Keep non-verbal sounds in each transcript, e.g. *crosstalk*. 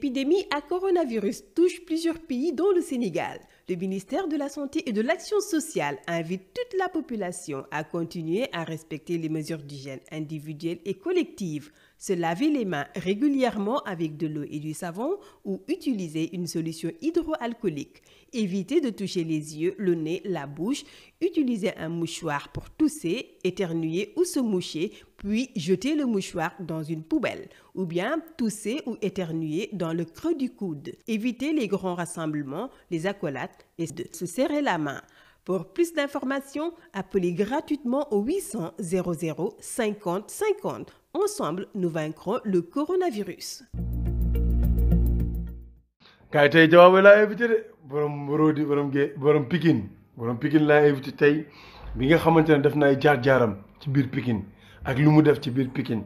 L'épidémie à coronavirus touche plusieurs pays dont le Sénégal. Le ministère de la Santé et de l'Action sociale invite toute la population à continuer à respecter les mesures d'hygiène individuelles et collectives, se laver les mains régulièrement avec de l'eau et du savon ou utiliser une solution hydroalcoolique. Évitez de toucher les yeux, le nez, la bouche. Utilisez un mouchoir pour tousser, éternuer ou se moucher, puis jetez le mouchoir dans une poubelle. Ou bien tousser ou éternuer dans le creux du coude. Évitez les grands rassemblements, les accolades et se serrer la main. Pour plus d'informations, appelez gratuitement au 800 00 50 50. Ensemble, nous vaincrons le coronavirus. borom Marodi borom Gé borom pikin borom Pikine laa invité tey bi nga xamante ne def na ay jaar-jaaram ci biir pikin ak lu mu def ci biir Pikine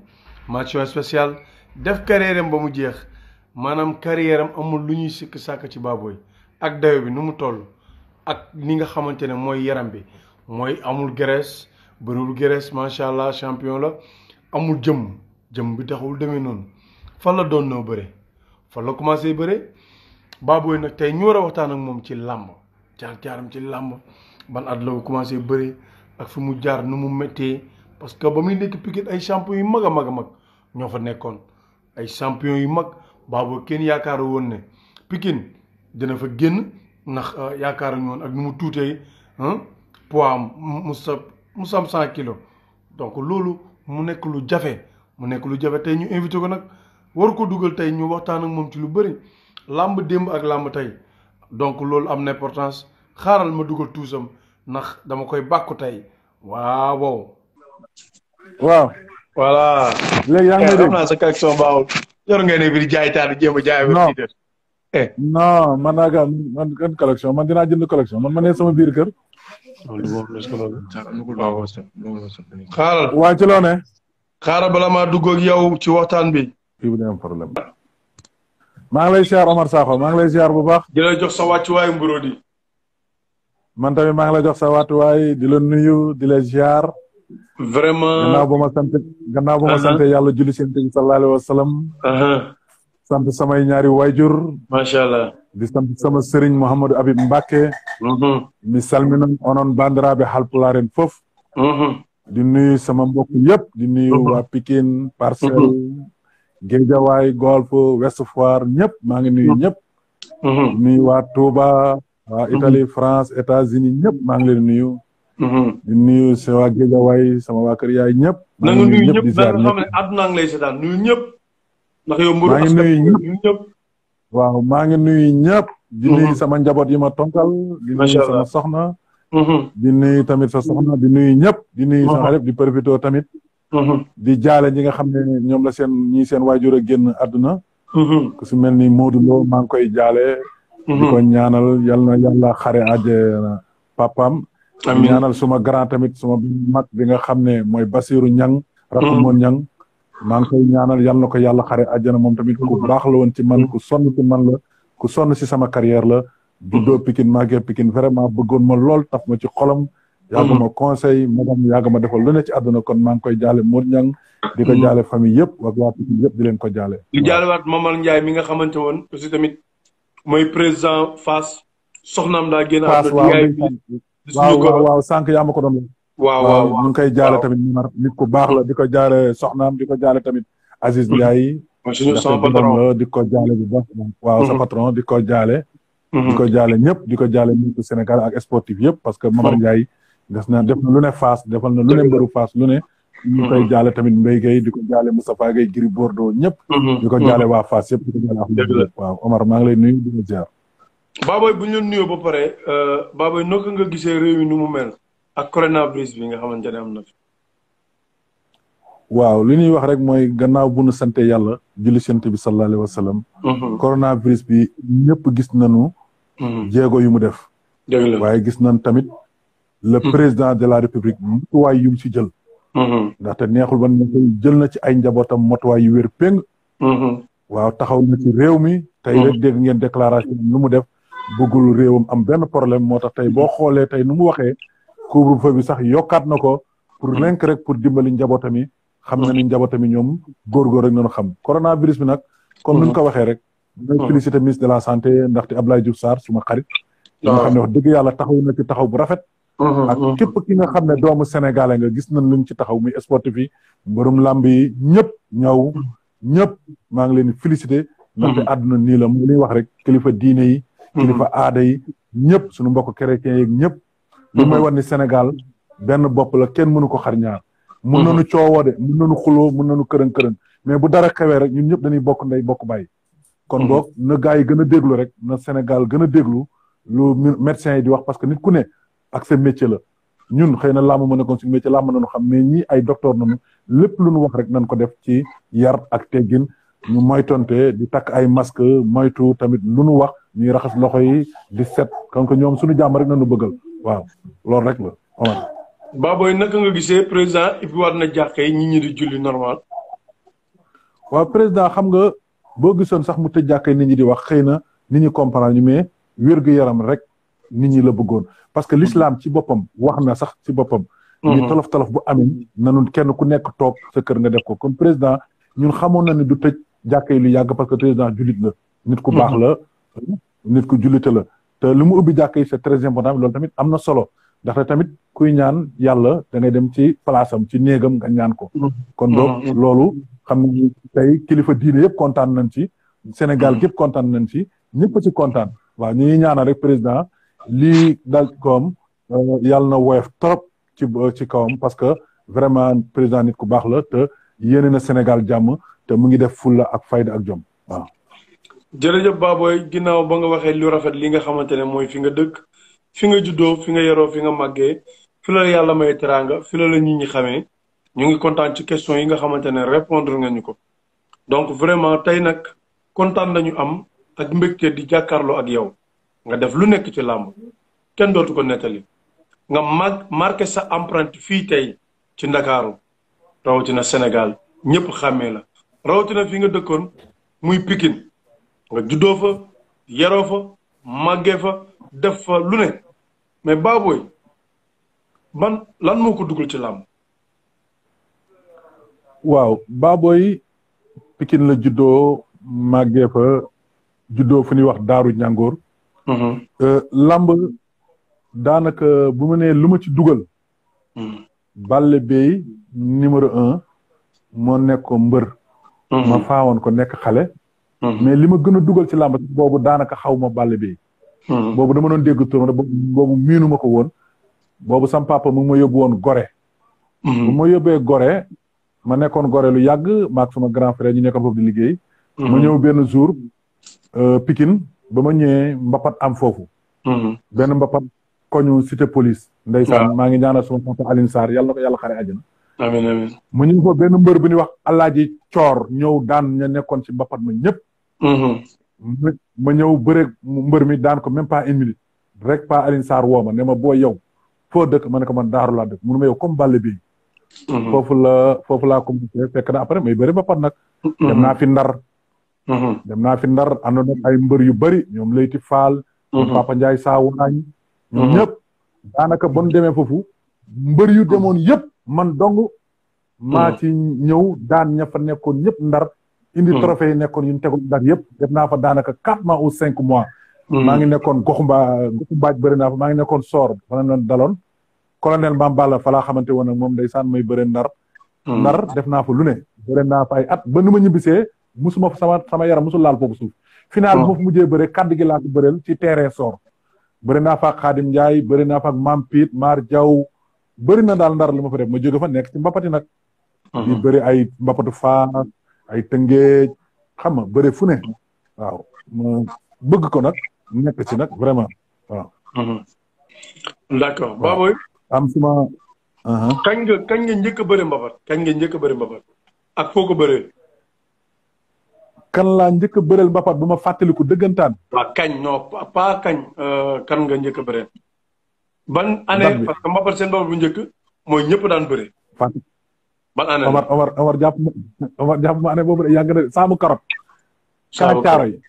mention spéciale def carrière ba mu jeex maanaam carrière amul lu ñuy sikk sàkk ci Baboy ak dayo bi nu mu toll ak ni nga xamante ne mooy yaram bi mooy amul graisse bëriwul graisse macha allah champion la amul jëm jëm bi taxul deme noonu fan la doon noo bëre fan la commencé bëre. Baboye nag tey ñu war a waxtaan ak moom ci làmb jaar jaaram ci làmb ban at la commencé bëri ak fi mu jaar nu mu méttee parce que ba muy nekk Pikine ay champion yu mag a mag a mag ñoo fa nekkoon ay champion yu mag Baboye kenn yaakaaru woon ne Pikine dina fa génn ndax euh, yaakaaruñu woon ak nu mu tuutee poids am mu sa mu sam cent kilos donc loolu mu nekk lu jafe mu nekk lu jafe tey ñu invité ko nag war ko dugal tey ñu waxtaan ak moom ci lu bëri. làmb démb ak làmb tey donc loolu am na importance xaaral ma dugal tuusam ndax dama koy bàkku tey waaw. waaw. voilà. léegi yaa ngi lay eh, dégg naa sa connexion di jaay taal jéem a jaay. non eh. non man naa gaa man kan collection man dinaa jënd collection man ma sama biir kër. xaaral. waa ci loo ne. xaaral bala maa dugg yow ci waxtaan bi. fii bu dee problème. maa ngi lay ziar Omar Sakho maa ngi lay ziar bu baax. di la jox sa wàccuwaay Mburodi. man maa ngi lay jox sa wàccuwaay di la nuyu dila la ziar. vraiment gannaaw ba ma sant gannaaw ba ma uh-huh. yàlla julli seen bi sallallahu alayhi wa sallam. Uh-huh. sant samay ñaari waajur. macha allah. di sant sama sëriñ Mouhamadou abi mbake uh-huh. mi salminan onon bandiraɓe halpularen foof. di nuyu sama mbokk yëpp di nuyu waa Pikine Parcelles. Géejawaay Golf West Foire ñëpp maa ngi nuyu ñëpp. Mm-hmm. nuyu waa Touba. waa mm-hmm. Italie France États-Unis ñëpp maa ngi leen nuyu. Mm-hmm. di nuyu sama waa Géejawaay sama waa kër yaay ñëpp. maa ngi nuyu ñëpp nuyu ñëpp àdduna ngi nuyu ñëpp. maa ngi nuyu ñëpp. di sama njaboot yi ma tonkal. di nuyu sama soxna. nuyu tamit sa soxna di nuyu ñëpp. di nuyu sama xarit di profité tamit. Mm-hmm. di jaale ñi nga xam ne ñoom la seen ñii seen waajur a génn àdduna. Mm-hmm. ku mel ni Modou Lo maa ngi koy jaale. Mm-hmm. di ko ñaanal yal na yàlla xare àjjana papaam. amiin ñaanal suma grand tamit suma mag bi nga xam ne mooy Basirou Niang. Rakumon Niang. maa ngi koy ñaanal yal na ko yàlla xare àjjana moom tamit ku baax la ci man ku sonn ci man la ku sonn si sama carrière la. juddoo Pikine màggee Pikine vraiment bëggoon ma lool taf ma ci xolam. yàgg ma mm. conseil madame yàgg ma defal lu ne ci àdduna kon maa ngi koy jaale Mor Niang di ko mm. jaale famille yëpp ak leen ko jaale di jaalewaat Mamal Ndiaye mi nga xamante woon aussi tamit mooy président Fass soxnaam daa génn àdduna waaw waaw waaw sànq yaa ma ko doon waaw waaw ngi koy jaale tamit Momar nit ku baax la di ko jaale soxnaam di ko jaale tamit Aziz mm. Ndiaye la di ko jaale bu waaw sa patron di ko jaale mm-hmm. di ko jaale ñëpp di ko jaale nit Sénégal ak sportif yëpp parce que Mamal Ndiaye def na def na lu ne Fass defal na ñu koy mm-hmm. jaale tamit Mbaye Gueye di ko jaale Moustapha Gueye Gris Bordeaux ñëpp mm-hmm. di ko jaale mm-hmm. waa Fass yëpp di ko jaale Ahmed Omar maa lay nuyu di la ziar Baboy bu ñu ba pare euh, Baboy naka nga gisee réew mi nu mu mel ak coronavirus bi nga xamante ne am na fi waaw li ñuy wax rek mooy gannaaw bu nu sante yàlla julli sant bi sallallahu alayhi wa sallam coronavirus bi ñëpp gis nañu jéego yu mu def waaye gis nañ tamit le hmm. président de la république motuwaay yu mu si jël. Hmm. ndaxte neexul ban jël na ci ay njabootam motuwaay yu wér péng. Hmm. waaw taxaw na ci réew mi. tey rek dégg ngeen déclaration nu mu def bëggul réewam am benn problème moo tax tey boo xoolee tey nu mu waxee couvre-feu bi sax yokkaat na ko pour lenk rek pour dimbali njabootam yi. xam na ni njabootam yi ñoom góorgóor rek nañu xam coronavirus bi nag. comme ni ñu ko waxee rek. may félicité ministre de la santé ndaxte Abdoulaye Diouf Sarr suma xarit. Ah. yàlla taxaw na taxaw bu rafet. Mm-hmm, ak mm-hmm. képp ki nga xam ne doomu sénégalais nga gis nañ luñ ci taxaw muy sportif yi mbërum làmb yi ñëpp ñaw ñëpp maa ngi leen di félicité mm-hmm. ndaxte àdduna nii la mu li wax rek kilifa diine yi kilifa aada yi ñëpp sunu mbokk chrétiens yi ñëpp lu may wan ni sénégal benn bopp la kenn mënu ko xar ñaar mun nañu coowoo de mun nañu xuloo mun nañu kërën-kërën mais bu dara xewee rek ñun ñëpp dañuy bokk ndey bokk bàyyi kon boog na gars yi gën a déglu rek na sénégal gën a déglu lu médecins yi di wax parce que nit ku ne ak métier la ñun xëy na làmb ci nekkoon suñu métier làmb nañu xam mais ñi ay docteur nañu lépp lu ñu wax rek nañ ko def ci yar ak teggin ñu moytonte di takk ay masque moytu tamit lu wax ñuy raxas loxo yi di set kon ko ñoom suñu jàmm rek nañu bëggal waaw loolu rek la Omar. Baboy naka nga gisee président ibi war na jàkkee ñi ñi di julli normal. waaw président xam nga boo gisoon sax mu tëj jàkkee nit ñi di wax xëy na nit ñi comprendre ñu mais wér gu yaram rek nit ñi la bëggoon parce que l'islam ci boppam wax na sax ci boppam ñu mhm. tolof tolof bu amin nanu kenn ku nekk toog sa kër nga def ko comme président ñun xamoon na ne du tëj jàkka yi lu yàgg parce que président julit la nit ku baax la nit ku jullite la te li mu ubbi jàkka yi c'est très important loolu tamit am na solo ndaxte tamit kuy ñaan yàlla da ngay dem ci place ci néegam nga ñaan ko mhm. kon donc mhm. loolu xam nga tey kilifa diine yëpp kontaan nañ ci Sénégal yëpp kontaan nañ ci ñëpp ci kontaan waaw lii dal koom euh, yàlla na woyof trop ci ci kawam parce que vraiment président nit ku baax la te yéene Sénégal jàmm te mu ngi def fulla ak fayda ak jom waaw. jërëjëf Baboy ginnaaw ba nga waxee lu rafet li nga xamante ne mooy fi nga dëkk fi nga juddoo fi nga yaroo fi nga màggee fi la yàlla may teraanga fi la la nit ñi xamee ñu ngi kontaan ci question yi nga xamante ne répondre nga ñu ko donc vraiment tey nag kontaan nañu am ak mbégte di jàkkaarloo ak yow. nga def lu nekk ci làmb kenn dootu ko nettali nga mag marqué sa empreinte fii tey ci ndakaaru rawatina Sénégal ñëpp xàmmee la rawatina fi nga dëkkoon muy pikin nga juddoo fa yaroo fa màggee fa def fa lu ne mais Baboy ban lan moo ko dugal ci làmb waaw Baboy pikin la juddoo màggee fa juddoo fu ñuy wax Daaru Ñàngoor Mm-hmm. Euh, làmb daanaka bu ma nee lu ma ci dugal. Mm-hmm. balle Bèye numéro un moo nekk mbër. Mm-hmm. ma faawoon ko nekk xale. mais li ma gën a dugal ci làmb boobu daanaka xaw ma Balla Bèye. boobu dama doon dégg turam boobu miinu ma ko woon. boobu sam papa mu ngi ma yóbbu woon Gorée. bu ma yóbbee Gorée ma nekkoon gore lu yàgg maak suma grand frère ñu nekkoon foofu di liggéey. ma ñëw benn jour euh, Pikine ba ma ñëwee mbapat am foofu. Mm-hmm. benn mbapat koñu cité police. ndeysaan maa ngi ñaanal sama papa Alioune Sarr yàlla na ko yàlla xare àjjana. amiin mu benn mbër bu ñuy wax alaaji coor ñëw daan ña nekkoon ci mbapat ma ñëpp. Mm-hmm. ma ñëw bëreeg mbër mi daan ko même pas une minute rek pas Alioune Sarr woo ma boo yow foo dëkk ma ne ko man daaru laa dëkk mu ne ma yow comme Balla bi mm-hmm. foofu la laa commencé fekk na après may bëri mbapat nag. dem naa fi ndar. Mm-hmm. dem naa fi ndar àndoon ak ay mbër yu bëri ñoom Leyti Fall. ñoom mm-hmm. Papa Ndiaye Saawaañ. ñoom mm-hmm. ñëpp daanaka bon demee foofu mbër yu demoon yëpp man dong. maa ci ñëw daan ña fa nekkoon ñëpp ndar. indi trophée yi nekkoon yu ñu tegoon ndar yëpp def naa fa daanaka quatre mois ou cinq mois. maa ngi nekkoon goxu mbaa goxu mbaaj bëri naa fa maa ngi nekkoon soor fa la daloon. colonel Bambala fa laa xamante woon ak moom ndeysaan may bëre ndar. ndar def naa fa lu ne. bëre naa fa ay at ba nu ñibbisee. musuma sama sama yaram musul laal foofu suuf. final bi ma fa mujjee bëre kaddu gi laa ko bëreel ci terrain sor. bëri naa fa ak Xaadim Ndiaye bëri naa fa ak Mampit Mar Diaw bëri na daal ndar li ma fa def ma fa nekk ci mbapati nag. Mhm. di bëri ay mbapatu faas ay tëngeej xam nga bëri fu ne. mu bëgg ko nag nekk nag vraiment waaw. Mhm. d'accord Baboy am uh-huh. njëkk a bëri mbapat. kañ nga njëkk ak foo ko bëree. kan laa njëkk a bëreel mbapat bu ma fàttaliku dëggantaan. a kañ non pas kañ. Euh, kan nga njëkk a bëreel. ban année parce que mbapat seen mbapat bu njëkk mooy ñëpp daan bëree. fàttali ban année Omar Omar Omar jàpp ma Omar jàpp ma année boobu de yàgg na saamu karot. saamu caaro yi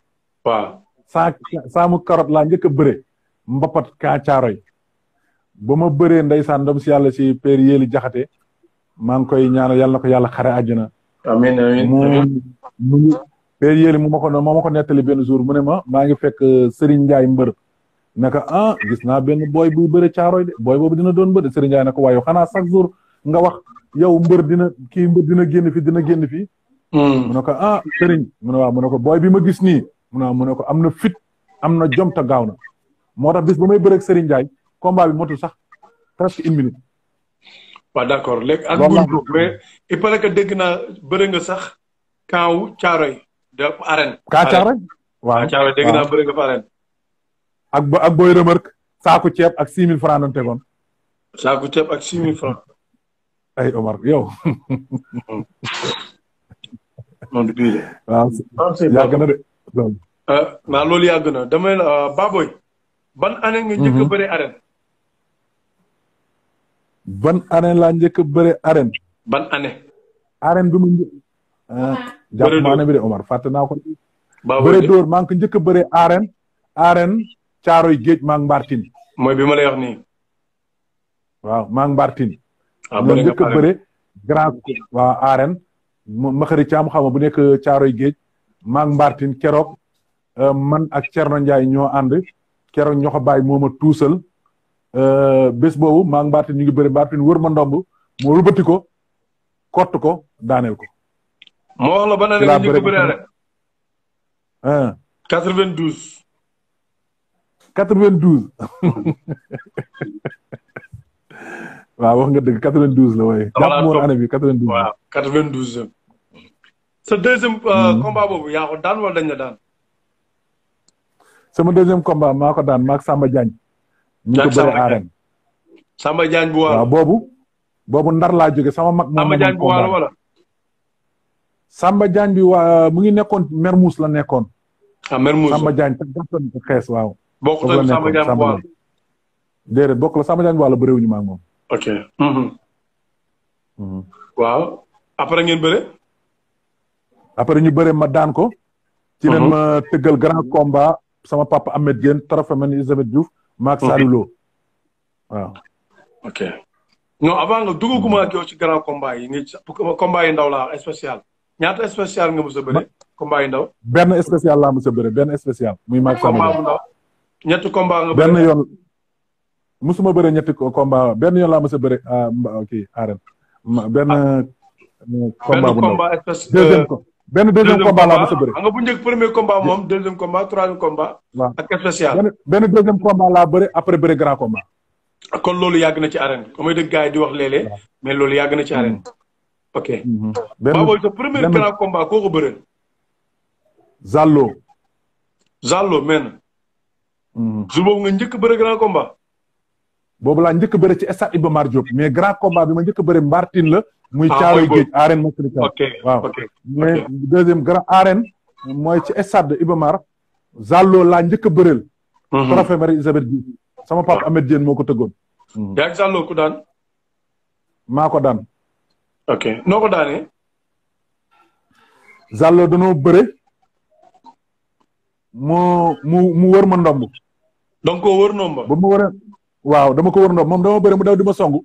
waaw. saa saamu karot laa njëkk a bëree. mbapat ka caaroy yi. ba ma bëree ndeysaan ndam si yàlla si père Yéli Jaxate maa ngi koy ñaanal yàlla na ko yàlla xare àjjana. père yéeli mu ma ko moo ma benn jour mu ne ma maa ngi fekk euh, Serigne Ndiaye mbër naka a ah, gis naa benn booy bu bëre caaroy de booy boobu dina doon mbër de Serigne Ndiaye naka waaye xanaa chaque jour nga wax yow mbër dina kii mbër dina génn fi dina génn fi hmm. mu ne ko ah mu ne mu ko booy bi ma gis nii mu ne mu ne ko am na fit am na jom ta gaaw moo tax bis ba may bëre ak Serigne Ndiaye combat bi motul sax presque une minute waaw d'accord léegi ak mais il paraît que dégg naa bëri nga sax kaaw caaroy de arène. kaa caareen waaw caareen dégg fa arène. ak bo ak booy ceeb ak six mille franc lañ tegoon. saaku ceeb ak six mille franc. ay Omar yow. *laughs* moom de. waaw yàgg euh, loolu. yàgg na damay euh, Baboy. ban année nga njëkk a mhm. bëri ban année laa njëkk a bëri ban année. jàpp maana bi de Omar fàtte naa ko. bëre dóor maa ngi ko njëkk a bëree aaren aaren caaroy géej maa mbartin mooy bi ma lay wax nii. waaw maa ngi mbartin ñoo ah, xaw ma bu nekk caaroy géej maa ngi mbartin keroog euh, man ak Thierno Ndiaye ñoo ànd keroog ñoo ko moo ma tuusal euh, bés boobu maa ngi mbartin ñu ngi bëri mbartin wër ma ndomb moo rëbati ko kott ko daaneel ko moo wax la ba na ne ñu ko bëree rek. ah. 92. 92. waaw wax nga dëgg 92 la waaye. voilà jàpp nga année bi 92. waaw 92. sa deuxième. Euh, hmm. combat boobu yaa ko daan wala dañ la daan. sama deuxième combat maa ko maak Samba Diagne. ñu ko bëri arène. Samba bu waalo boobu. boobu ndar laa jóge sama mag. Samba Diagne bu waalo Samba Diagne bi wa mu ngi nekkoon Mermoz la nekkoon. ah Mermoz Samba Diagne te gàttoon ko xees waaw. bokkul ak Samba Diagne bu wàll. déedéet bokkul ak Samba Diagne bu ma moom. ok. Mhm. Mhm. waaw après ngeen bëre. après ñu bëre ma daan ko. ci leen mhm. ma tëggal grand combat sama papa Ahmed Dieng tarafa mel ni Elisabeth Diouf. maak Saliou Lo waaw. ok non avant nga duggaguma ak yow ci grand combat yi nga combat yi ndaw la spécial. ñaata spécial nga mos a ndaw. benn spécial laa mos benn spécial. muy mag combat bu ndaw. ñetti combat benn yoon. musuma bëre ñetti combat benn yoon laa mos a bëre ah kii benn. Ah. Euh, combat bu ko benn euh, deuxième combat laa mos a bëre. nga bu njëkk premier combat moom deuxième combat troisième combat. waaw ak spécial. benn benn deuxième combat laa bëre après bëre grand combat. kon loolu yàgg na ci arène comme dëgg gars di wax léeg mais loolu yàgg na ci arène. Mm. ok. Mhm. benn premier grand combat koo ko bëreel. Zallo. Zallo men. Mhm. jour boobu nga njëkk bëre grand combat. boobu laa njëkk bëre ci stade Iba Mar Diop mais grand combat bi ma njëkk bëre Martin la. muy Caaroy ah, Géej arène Massalika. ci stade Iba Mar. Zallo laa njëkk bëreel. trophée mhm. Marie Isabelle Diouf sama papa ah. Ahmed Diène moo ko tëggoon. yaa ku daan. maa daan. ok noo ko daanee. Zallo danoo bëre. mu mu mu wër ma ndomb. donc koo wër no ba mu wër waaw dama ko wër ndomb moom dama bëre mu daw di ma song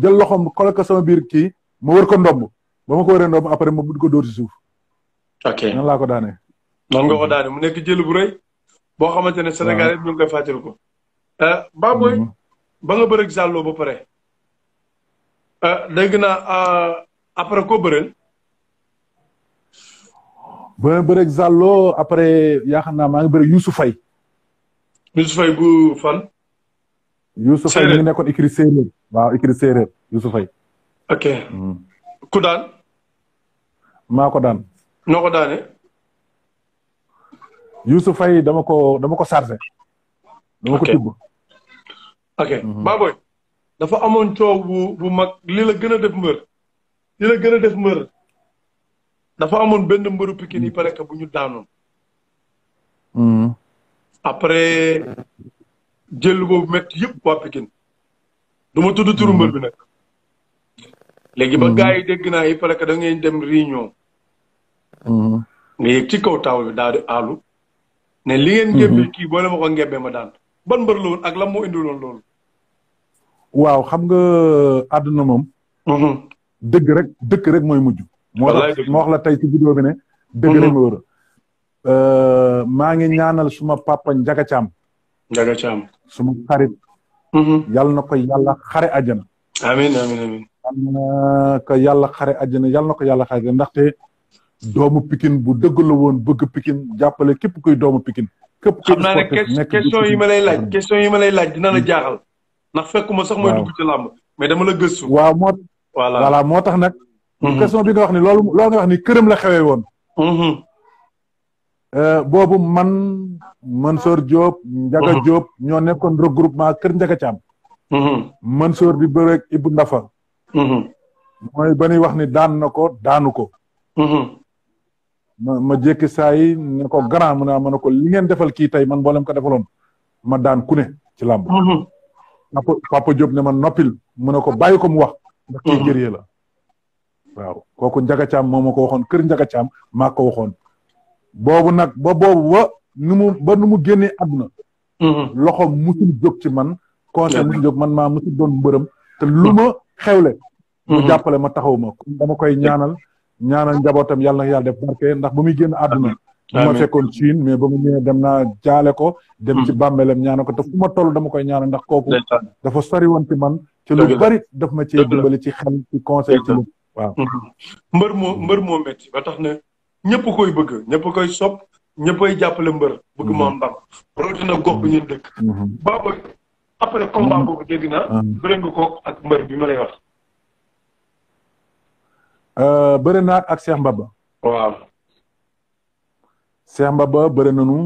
jël loxoom xoolal ko sama biir kii wër ko ndomb ba ma ko wëree ndomb après ma bugg ko dóor si suuf. ok nan laa ko daanee. noonu nga ko mu nekk jël bu rëy. boo xamante ne Sénégal yëpp ñu ngi koy fàttaliku. Eh, Baboy mm-hmm. ba nga bëreeg Zallo ba pare. Euh, dégg naa euh, après ko bëreel. ba bëreeg Zallo après yaa xam naa maa ngi bëri Youssou Faye. Youssou Faye bu fan. Youssou Faye mi ngi nekkoon écrit séeréer waaw écrit séeréer Youssou ok. Hmm. ku daan. maa ko daan. noo daane. Youssou Faye dama ko dama ko chargé. tibb. ok hmm. Baboy. dafa amoon coow bu mag li la gën a def mbër li la gën a def mbër dafa amoon benn mbëru pikin yi pare que bu ñu daanoon mm-hmm. après jël boobu métti yëpp waa Pikine du ma tudd turu mbër bi mm-hmm. nag léegi ba mm-hmm. gars yi dégg naa yi pare que da ngay dem réunion nga yëg ci kaw taaw bi daal di aalu ne li ngeen ngémbe kii boo le ma ko ngémbe ma daan ban mbër la ak lan moo indiloon loolu waaw xam nga àdduna moom. Mm-hmm. dëgg rek dëkk rek mooy mujj. wallaay moo wax la tey ci vidéo bi ne. Mm-hmm. Euh, maa ngi ñaanal suma papa Njaga Caam. Njaga Caam. suma xarit. Mm-hmm. yàlla na ko yàlla xare àjjana. amiin amiin amiin. yàlla na ko yàlla xare àjjana yàlla na ko yàlla xare àjjana ndaxte doomu pikin bu dëgg la woon bëgg pikin jàppale képp kuy doomu pikin. képp kuy xam naa question yi ma lay laaj question yi ma lay laaj dina la jaaxal. ndax fekkuma sax mooy ci làmb mais dama la gëstu. waaw moo voilà moo tax nag. Mhm. question bi nga wax ni loolu loolu nga wax ni këram la xewee woon. Mhm. Euh, boobu man mën soor Diop. Ndiaga mhm. Diop ñoo nekkoon regroupement kër Ndiaga Thiam. Mansour di bëre ak Ibou Ndafa. mooy ba ñuy wax ni daan na ko daanu ko. ma ma jékki saa yi ne ko grand mu a ma ne ko li ngeen defal kii tey man mboolem ko defaloon ma daan ku ci làmb. papa papa Diop ne ma noppil mu ne ko bàyyi ko mu wax. ndax kii mhm. gërëyee la. waaw kooku Ndiaga Thiam moo ma ko waxoon kër Ndiaga Thiam maa ko waxoon. boobu nag ba boobu ba nu mu ba nu mu génnee mhm. loxo musul jóg ci man. conseil musul jóg man ma musul doon mbërëm. te lu ma xewle. mu mhm. jàppale ma taxaw ma dama koy ñaanal. ñaanal njabootam yàlla na yàlla def barke ndax ba muy génn àdduna. amiin ah, ma fekkoon Chine mais ba mu ñëwee dem naa jaale ko. dem ci bàmmeelam ñaana ko te fu ma dama koy ñaana ndax kooku. dafa sori woon ci man. ci lu bari daf ma ci dimbali ci xel ci conseil ci waaw. Hmm. mbër moo mbër moo métti ba tax na ñëpp koy bëgg ñëpp koy sopp ñëppay jàppale mbër. bëgg mu am hmm. ndam. rawatina gox bi ñu dëkk. Hmm. baaboy après combat boobu dégg naa. ko ak mbër ma lay wax. Euh, bëri naa Cheikh Mbaba bëri nañu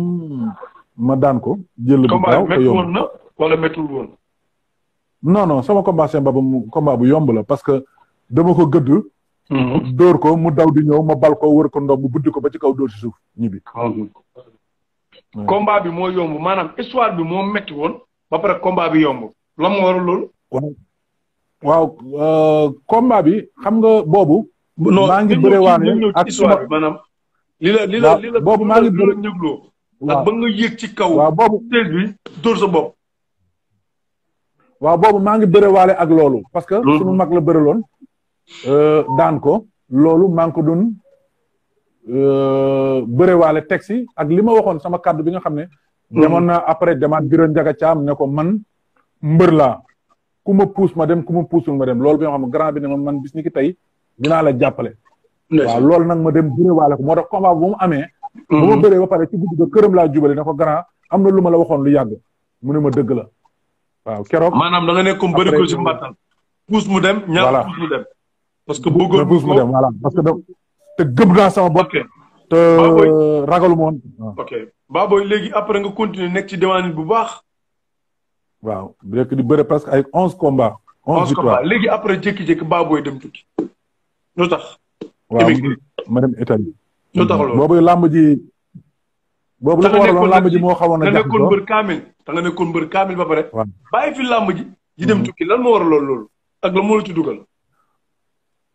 ma daan ko. jël bu gaaw te yomb na wala méttiwul woon. non non sama combat Cheikh Mbaba mu combat bu yomb la parce que dama ko gëdd. Mhm. dóor ko mu daw di ñëw ma bal ko wër ko ndox mu buddi ko ba ci dóor ci suuf ñibbi. combat bi moo yomb maanaam histoire bi moo metti woon ba pare combat bi yomb la mu waral loolu. waaw euh, combat bi xam nga boobu. maa ngi bëre waane ak suma li la li la li la boobu maa ngi dégloo ak ba nga yéeg ci kaw. waaw boobu teel bi dóor waaw boobu maa ngi bërewaale ak loolu. parce que suñu mag la bëreloon. Euh, daan ko loolu maa ngi ko doon euh, bërewaale taxi ak li ma waxoon sama kàddu bi nga xam ne. Hmm. demoon na après demaat biro Ndiaga Thiam ne ko man mbër laa ku ma puus ma dem ku ma puusul ma dem loolu bi nga xam ne grand bi ne ma man bis ni ki tey dinaa la jàppale. waaw loolu nag ma dem bëréwaale ko moo tax combat bu mu amee ba ma mhm. bëree ba pare ci guddi ga këram laa jubale na ko grand am na lu ma la waxoon lu yàgg mu ne ma dëgg la waaw keroog maanaam da nga nekk comme bëri ko ci mbàttal puus mu dem ñaar puus mu dem parce que bëggoon puus mu dem voilà parce que te gëm naa sama bopp te ragalu ma woon ok léegi après nga continuer nekk ci demande bu baax waaw rek di parce que ay onze combats onze victoires léegi après jékki-jékki baaboy dem tukki lu tax waaw ma dem Italie. lu tax loolu boobu làmb ji. boobu la ko waraloon làmb ji moo xawoon na. jaxasoo da nga nekkoon mbër kaamil làmb ji. di dem mm. tukki lan moo waraloon loolu. ak ci dugal.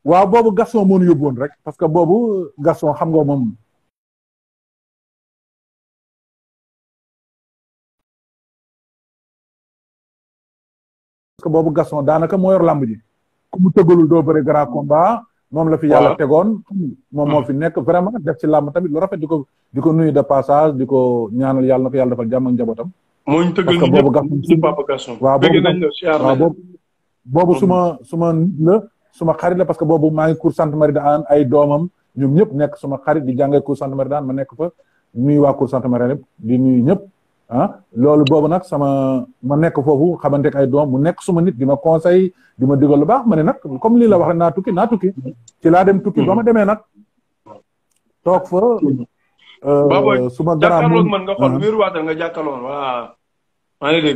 boobu Gaston moo ñu parce que boobu Gaston xam nga moom. parce que boobu Gaston daanaka moo yor làmb ji. ku mu tëggalul doo bëri grand combat. moom la fi yàlla tegoon. moom moo hmm. fi nekk vraiment def ci làmb tamit lu rafet di ko di ko nuyu de passage di ko ñaanal yàlla na ko yàlla defal jàmm ak njabootam. moo ñu tëggal ñu boobu gàmm ci Papa boobu boobu su hmm. su ma la su xarit la parce que boobu maa ngi cour Sainte Marie de ay doomam ñoom ñëpp nekk suma xarit di jàngee cour Sainte Marie de Hann ma nekk fa nuyu waa cour Sainte Marie di nuyu ñëpp ah loolu boobu nag sama ma nekk foofu xamante ak ay doom mu nekk suma nit di ma conseil di ma digal lu baax ma ne nag comme lii la wax naa tukki naa tukki ci laa dem tukki ba ma demee nag toog fa euh, su ma jàkkaarloog man nga xool wéeru ah. waatal maa ngi *laughs*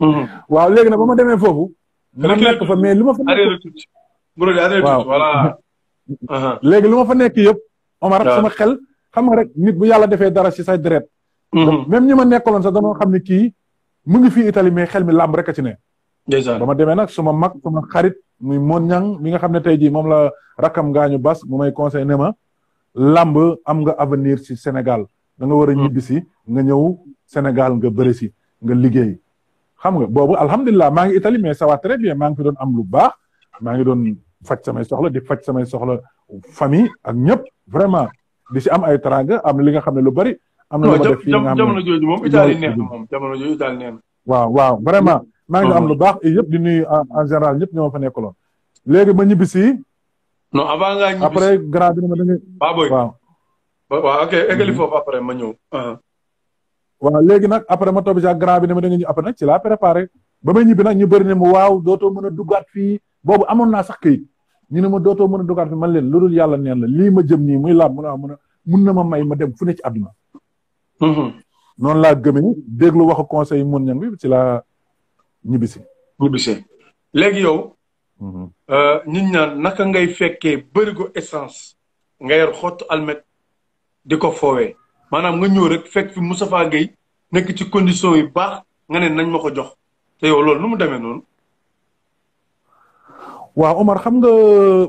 mhm. waaw léegi nag ba ma demee foofu ma nekk fa mais li ma fa nekk waaw voilà uh-huh. léegi li ma fa nekk yëpp Omar sama xel xam nga rek nit bu yàlla defee dara si say deret Mhm. même ñi ma nekkaloon sax dañoo xam ne kii mu ngi fi Italie mais xel mi làmb rek a ci ne. dèjà ba ma demee nag suma mag suma xarit muy Mon Ñang mi nga xam ne tey jii moom la rakam rakkam ñu bas mu may conseil ne ma làmb am nga avenir si Sénégal da nga war a mhm. ñibbi si nga ñëw Sénégal nga bëri si nga liggéey. xam nga boobu alhamdulilah maa ngi Italie mais ça va très maa ngi fi doon am lu baax maa ngi doon faj samay soxla di faj samay soxla fami ak ñëpp vraiment di si am ay teraanga am li nga xam ne lu bari am na lu def fii nga xam ne moom Italie neex na moom waaw waaw vraiment. maa ngi am lu baax yëpp di nuyu en général ñëpp ñoo fa nekkaloon. léegi ma ñibbisi. non après grand bi ma da ngay. Mm-hmm. ma ñëw. Ah. waaw léegi nag après ma topp si ak grand bi ne ma da nga ñu après nag ci laa préparé ba ma ñibbi nag ñu bëri ne ma waaw dootoo mën a dugaat fii boobu amoon naa sax këyit ñu na ma dootoo mën a duggaat fii man leen lu dul yàlla neen la lii ma jëm nii muy laab mun a mun na ma may ma dem fu ne ci àdduna Mm-hmm. noonu laa gëmee déglu waxu conseil mun ñang bi ci laa ñibbisi ñibbisi léegi yow mm-hmm. euh, nit ñaa naka ngay fekkee bërigo essence nga yor xottu almet di ko foowee maanaam nga ñëw rek fekk fi Moustapha Gueye nekk ci condition yu baax nga ne nañ ma ko jox te yow loolu nu mu demee noonu waaw Omar xam nga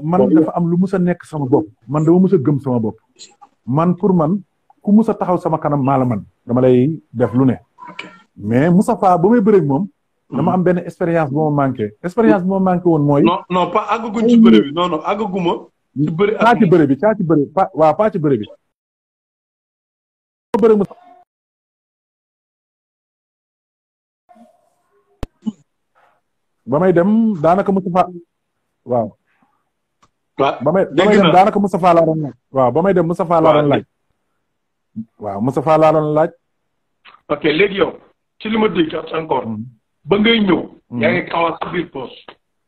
man dafa am lu mus a nekk sama bopp man dama mus a gëm sama bopp man pour man ku mus taxaw sama kanam maa la man dama lay def lu ne. mais Moustapha ba may bëreeg moom. dama mm-hmm. am benn expérience bu ma manqué. expérience bu manqué woon mooy. non non pas àggaguñ ci bëre bi àggaguma. ci bëre ak ci bëre pa waaw paa ci ba may dem daanaka Moustapha waaw. ba may ba may dem daanaka Moustapha laa doon laaj. waaw ba may dem Moustapha laa doon laaj. waaw Moustapha laa doon laaj. ok léegi yow mm. ba ngay ñëw. Mm. yaa ngi avance biir poche.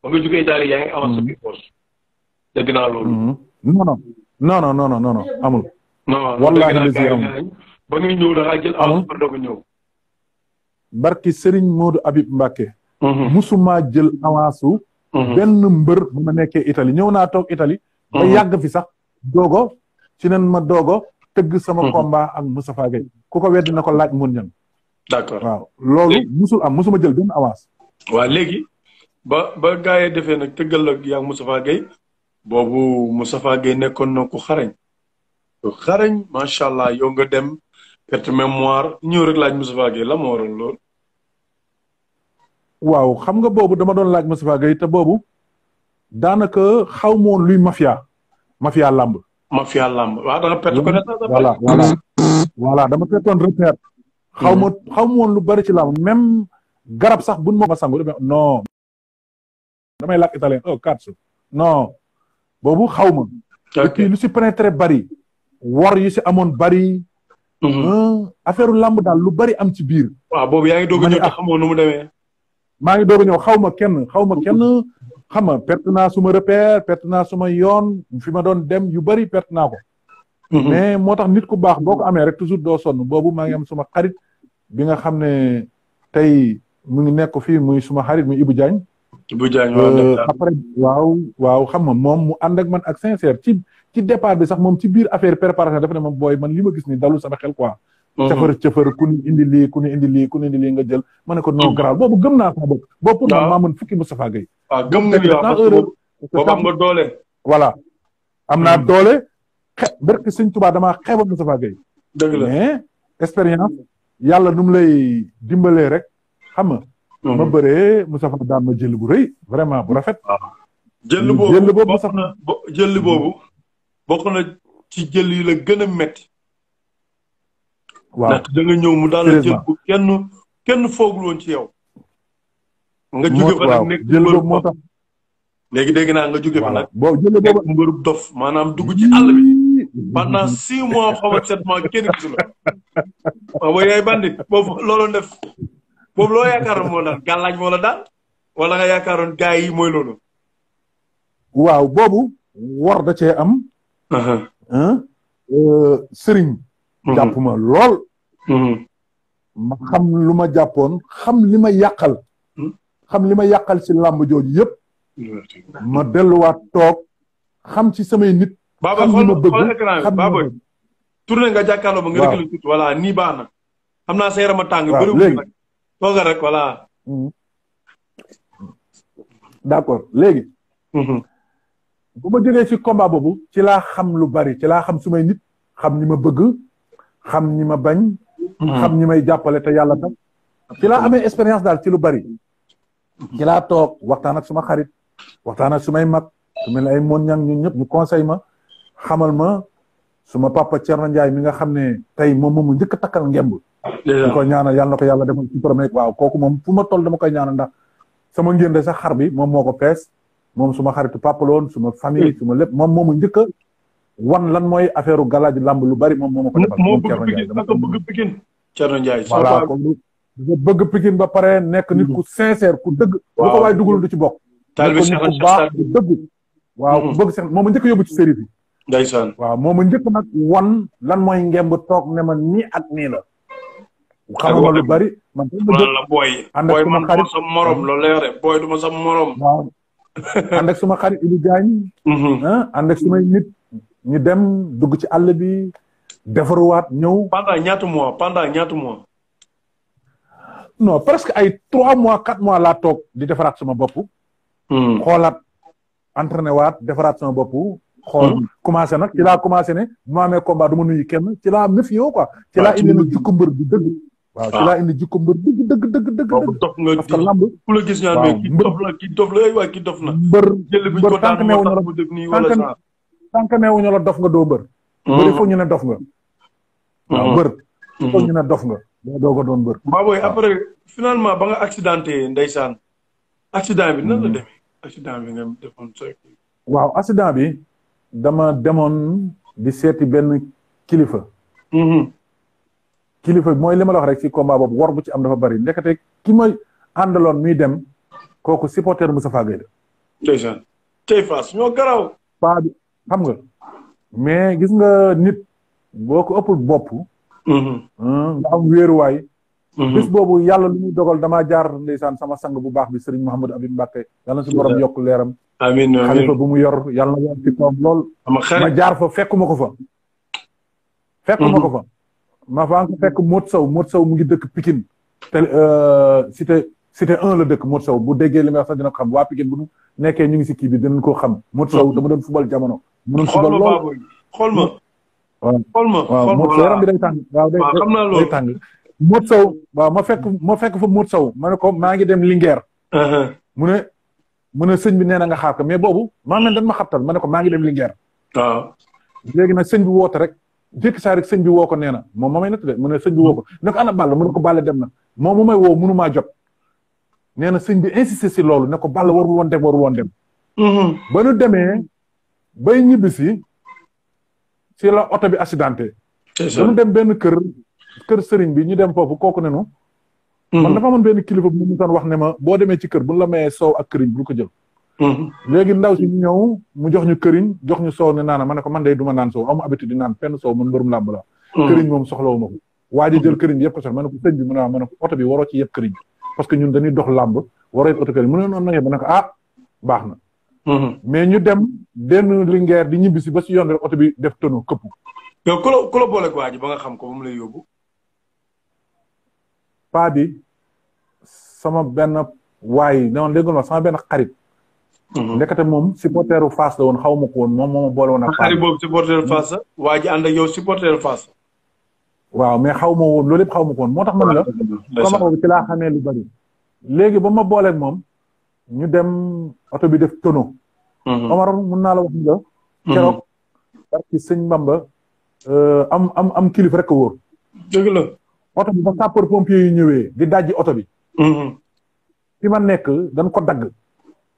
ba nga jugee daal yaa ngi avance sa mm. biir poche. dégg naa loolu. non non non non barki Serigne Modou Habib Mbacké. Mm-hmm. musuma jël avance su. Mm-hmm. benn mbër bu ma nekkee ñëw naa toog Italie. ba mm-hmm. yàgg fi sax doogo ci nen ma doogo tëgg sama mhm. combat ak Moustapha Gueye ku ko weddi na ko laaj mun ñan d'accord waaw loolu musul am musuma jël benn avance waaw léegi ba ba gars yi defee nag tëggal la yaa Moustapha Gueye boobu Moustapha Gueye nekkoon na ku xarañ ku xarañ macha allah yow nga dem perte mémoire ñëw rek laaj Moustapha Gueye la ma waral loolu xam nga boobu dama doon laaj Moustapha Gueye te boobu daanaka xaw moon luy mafia mafia làmb mafia làmb waaw da nga voilà voilà dama pertoon repère. xaw ma hmm. xaw ma lu bari ci làmb même garab sax bu ma ma sangu demee boobu xaw ma. et puis lu si pénétré bari. war yu ci amoon bari. Hmm. affaire làmb daal lu bari am ci biir. waaw boobu yaa ngi doog ñëw te ah. xamoo nu mu demee. maa ngi doog ñëw xaw ma kenn xaw ma kenn xam nga perte naa suma repère perte naa suma yoon fi ma doon dem yu bari perte naa ko. Mhm. mais moo tax nit ku baax boo ko amee rek toujours doo sonn boobu maa ngi am suma xarit bi nga xam ne tey mu ngi nekk fii muy suma xarit muy Ibou Diagne. Ibou Diagne waaw euh, après waaw waaw xam nga moom mu ànd ak man ak sincère ci ci départ bi sax moom ci biir affaire préparation dafa ne moom booy man li ma gis ni dalul sama xel quoi. Mm-hmm. cafar cafar ku ñu indi lii ku ñu indi lii ku ñu indi nga jël ma ne ko non mm-hmm. grave boobu gëm naa sama bopp boobu pour man maa mën fukki Moustapha Gueye waaw ah, gëm nga yow boobu am doole voilà am naa mm-hmm. doole xe barke sëñ Tuubaa damaa xeeba Moustapha Gueye dëgg la mais expérience yàlla nu lay dimbalee rek xam nga ma mu Moustapha daan ma jël bu rëy vraiment bu rafet ah. mm, jël boobu jël boobu bokk na ci jël yi la gën a metti waaw ndax da nga ñëw mu daal la jël bu kenn kenn foogul woon ci yow. nga jóge fa nag nekk mbërub moo léegi naa nga jóge fa nag. boo jëlee boobu nekk mbërub dof maanaam dugg ci àll bi. pendant six mois xaw ma sept mois kenn gisu la. waaw boobu looloon def boobu loo yaakaaroon moo daal wala nga yaakaaroon gaa mooy loolu. waaw boobu war cee am. Ah, euh, sëriñ. Mhm. jàpp ma lool mhm. ma xam lu ma jàppoon xam li ma yàqal mhm. xam li ma yàqal si làmb jooju yëpp ma delluwaat toog xam ci samay nit baaba xool écran bi nga jàkkaarloo ba nga rëkkale tuuti xam naa sa yaram a tàng léegi tooga rek voilà d'accord léegi bu ma jógee ci combat boobu ci laa xam lu bari ci laa xam su nit xam ni ma bëgg xam ñi ma bañ. Mm-hmm. xam ñi may jàppale te yàlla tam. ci laa amee expérience daal ci lu bari. Mm-hmm. ci laa toog waxtaan ak suma xarit waxtaan ak sumay mag su mel ay moon ñang ñun ñëpp ñu conseil ma xamal ma suma papa na Ndiaye mi nga xam ne tey moom moom njëkk a takkal ngemb. ñu ko yàlla na ko yàlla defal ci premier waaw kooku moom fu ma toll dama koy ñaana ndax sama ngénde sax xar bi moom moo ko fees moom suma xaritu papa la woon suma famille mm-hmm. suma lépp moom moom moomu njëkk wan lan mooy affaire galaaju làmb lu bari moom moo ko defal. moom Thierno Ndiaye dama ko bëgg Pikine Thierno Ndiaye. voilà bëgg Pikine ba pare nekk nit ku sincère ku dëgg. waay dugal du ci bokk. taal bi ku baax ku waaw ku mm-hmm. bëgg sax moom njëkk yóbbu ci série bi. ndeysaan waaw moom njëkk nag wan lan mooy ngemb toog ne ma nii ak nii la. xamal ma bari man. loolu la morom loolu la ma sa morom. waaw *laughs* ànd ak suma xarit Ibi Diagne. Mm-hmm. Ah, ànd ak sumay nit. ñu dem dugg ci àll bi defaruwaat ñëw. pendant ñaata mois pendant ñaata mois. non presque ay trois mois quatre mois laa toog di defaraat sama bopp. Hmm. xoolaat entraîné waat defaraat sama bopp. xool hmm. commencé nag ci laa commencé ne bu ma amee combat du ma nuyu kenn ci laa méfie ko ci laa ah, indi nag jukku mbër bi dëgg. waaw ci laa ah. indi jukku mbër dëgg dëgg dëgg dëgg. parce que lamb ku la gis ñu naan mais kii dof la kii dof la ay waa na. mbër mbër tànk neewuñu la tant que neewuñu la dof nga doo bër. Mm-hmm. bëri foo ñu ne dof nga. Mm-hmm. waaw bër. Mm-hmm. foo ñu ne dof nga doo ko doon bër. waaw booy après finalement ba nga accidenté ndeysaan. accident bi nan la bi nga defoon sooy. waaw accident bi dama demoon di seeti benn kilifa. kilifa bi mooy li ma la rek ci combat boobu wor bu ci am dafa bari ndekete ki ma àndaloon muy dem kooku supporter Moustapha Gueye la. ndeysaan tey Fass ñoo garaw. paa xam nga mais gis nga nit boo ko ëppul bopp. Mm-hmm. nga am wéeruwaay. Mm-hmm. bis boobu yàlla lu muy dogal damaa jaar ndeysaan sama sang bu baax bi sëriñ Mouhamadou Habib Mbacké yàlla na su borom yokk leeram. amiin amiin xalifa mu yor yàlla na yor ci kawam lool. ma jaar fa fekkuma ko fa. fekkuma mm-hmm. ko fa. ma faa ko fekk Modou Sow Modou Sow mu ngi dëkk Pikine. te euh, cité cité un la dëkk Modou Sow bu déggee la nga wax sax dina ko xam waa Pikine bu ñu nekkee ñu ngi si kii bi dinañ koo xam. Modou Sow dama doon fubal jamono. mënul suba lool xool ma xool ma waaw Modou Sow bi day tàng waaw day xam naa loolu day tàng Modou Sow fekk ma fekk fa Modou Sow ma ne ko maa ngi dem Linguère uh-huh. mu ne mu ne sëñ bi nee na nga xaar ko mais boobu maa mel dañ ma xabtal ma ne ko maa ngi dem Linguère waaw léegi nag sëñ bi woote rek jékki saa rek sëñ bi woo ko nee na moom ma may natt de mu ne sëñ bi woo ko ne ko ana Balla mu ne ko Balla dem na moom mu may woo mënu maa jot nee na sëñ bi insisté si loolu ne ko Balla woon dem woon dem mm-hmm. ba nu demee bay ñibbisi si la oto bi accidenté. dañu dem benn kër kër sëriñ bi ñu dem foofu kooku ne nu hmm. man benn kilifa bu wax ne ma boo demee ci kër bu la mayee soow ak këriñ bul ko jël. Hmm. léegi ndaw si ñu ñëw mu jox ñu këriñ jox ñu soow ne naana ma ne ko man day duma naan soow amu habitude naan fenn soow man mbërum làmb la. Hmm. këriñ moom soxlawu ma ko. waa ji jël këriñ bi yëpp ko soxla ma ne ko sëñ bi mu ne ma ne ko oto bi waroo ci yëpp ma ne ko ah, baax na Mm-hmm. mais ñu dem benn lingeer di ñibbi si ba si yoon rek oto bi def tonneau këpp. yow ku la ku la waa ji ba nga xam ko ba mu lay yóbbu. paa bi sama benn waay non dégg ma sama benn xarit. Mm-hmm. ndekete moom supporteru Fass la woon xaw ma ko woon moom moo ma boole woon ak. xarit boobu waa ji ànd ak yow supporteru Fass waaw mais xaw ma woon loolu xaw ma ko moo tax man la. comme léegi ba ma booleeg moom. ñu dem oto bi def tonneau. Mhm. Omar mun naa la wax nga. Mhm. keroog parce que sëñ Bamba euh, am am am kilif rek a wóor. dëgg la oto bi ba sapeur pompier yi ñëwee di dajji oto bi. Mhm. fi ma nekk dañ ko dagg.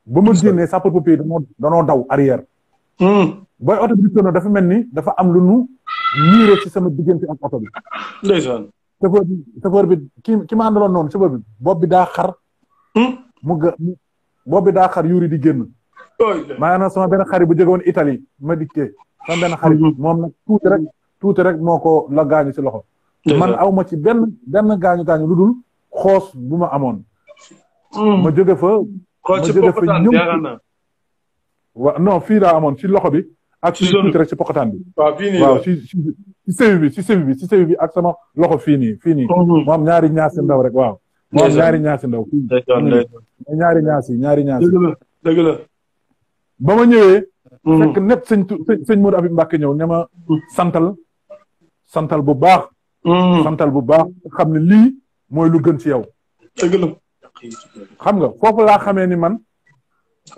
ba ma génnee sapeur pompier yi danoo danoo daw arrière. booy oto bi di tonneau dafa mel ni dafa am lu nu miiree ci sama diggante ak oto bi. ndeysaan. chauffeur bi chauffeur bi ki ki ma àndaloon noonu chauffeur bi bopp bi daa xar. Hmm? mu ga boobu daa xar yuuri di génn. maa ngi sama benn xarit bu jóge woon Italie ma dikkee. sama benn xarit mhm. moom nag tuuti rek tuuti rek moo ko la gaañu si loxo. man aw ma ci benn benn gaañu gaañu lu dul xoos bu ma amoon. Mhm. ma jóge fa. ma jóge fa ñëw fii daa amoon ci loxo bi. ak ci tuuti rek si pokotaan bi. si si bi si séwi bi ak sama loxo fii nii fii nii. Mhm. ñaari ñaar ndaw rek waaw. moom ñaari ñaar si ndaw. ñaari ñaas yi ñaari ñaas yi. dëgg ba ma ñëwee. Mm. fekk nepp sëñ sëñ Modou Habib Mbacke ñëw ne ma mm. santal santal bu baax. Mm. santal bu baax xam ne lii mooy lu gën si yow. dëgg la. xam nga foofu laa xamee ni man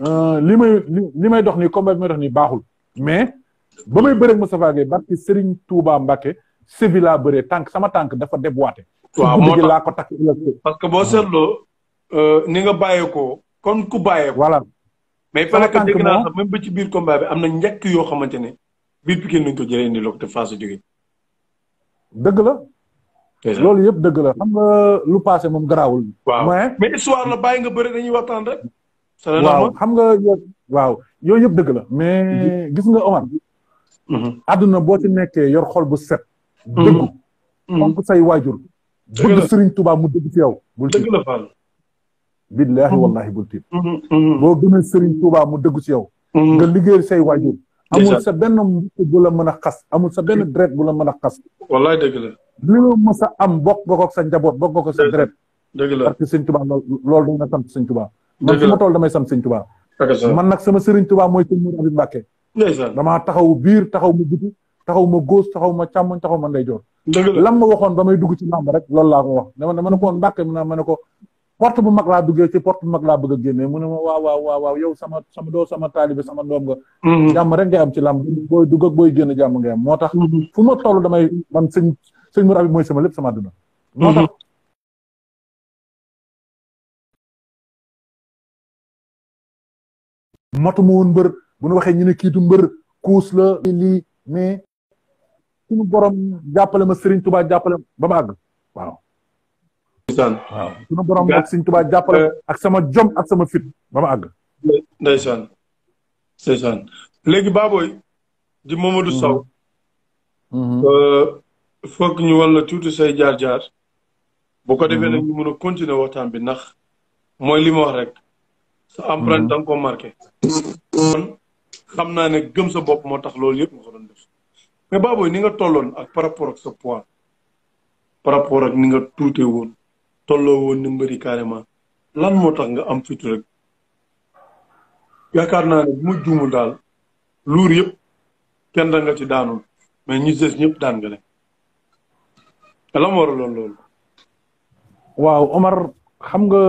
euh, li may li may dox nii combat bi may dox nii baaxul. mais ba may bëreeg Moustapha Gueye barki Serigne Touba Mbacke sévi laa bëree tànk sama tànk dafa deboite. waaw moo tax ko takk parce que boo seetloo. Euh, ni nga bàyyeekoo kon ku bàyyeekoo. voilà mais fële que dégg naa sax même ba ci biir combat bi am na njëkk yoo xamante ne biir Pikine nañ ko jëlee indi te Fass a la. loolu yëpp dëgg la xam nga lu passé moom garaawul. waaw mais histoire la bàyyi nga bëri dañuy waxtaan rek. waaw xam nga waaw yooyu yëpp dëgg la mais gis nga Omar. Mm-hmm. àdduna boo ci nekkee yor xol bu set. Mm-hmm. dëggu mm-hmm. fonk say waajur. dëgg la bëgg Serigne Touba mu dëgg ci yow. bul ci billaahi mm-hmm. wallaahi bul tiit mm-hmm. mm-hmm. boo gëmee Serigne Touba mu dëggu ci yow nga liggéey say waajur amul sa benn mbokk bu la mën a xas amul sa benn dret bu la mën a xas wallaay dëgg la li la mës a am bokk nga sa njaboot bokk nga ko sa dret la parce que Serigne Touba loolu dañ na sant Serigne Touba man su ma tool damay sant Serigne Touba man nag sama Serigne Touba mooy sëñ Mouride Mbacke damaa taxaw biir taxaw ma biti taxaw ma góos taxaw ma càmmoñ taxaw ma ndeyjoor lam ma waxoon ba may dugg ci làmb rek loolu laa ko wax dama dama ne ko Mbacke mu porte bu mag laa duggee ci porte bu mag laa bëgg a génnee mu ne ma waaw waaw waaw yow sama sama doo sama taalibe sama doom nga. Mm-hmm. jàmm rek ngay am ci làmb booy dugg ak booy génn jàmm ngay am moo tax. Mm-hmm. fu ma toll damay man sëñ sëñ Mourou mooy sama sama àdduna. moo tax. Mm-hmm. matu ma bu ñu waxee ñu ne mbër kuus la jàppale ma sëriñ Touba jàppale ba ma àgg ndeysaan waaw suñu borom ak suñ tubaab jàppale ak sama jom ak sama fit ba ma àgg ndeysaan ndeysaan léegi baabooy di Mamadou mhm. Sow mhm. euh, foog ñu wan tuuti say jaar-jaar bu ko defee mhm. nag mun mën a continuer waxtaan bi ndax mooy li ma wax rek sa empreinte da nga ko marqué naa ne gëm sa bopp moo tax loolu yëpp nga ko doon def mais baabooy ni nga tolloon ak par rapport ak sa poids par rapport ak ni nga tuute woon tolloo woon na mbëri carrément lan moo tax nga am fit rek yaakaar naa ne bu ma daal luur yëpp kenn da nga ci daanul mais ñi des ñëpp daan nga leen te lan a lool loolu. waaw Omar xam nga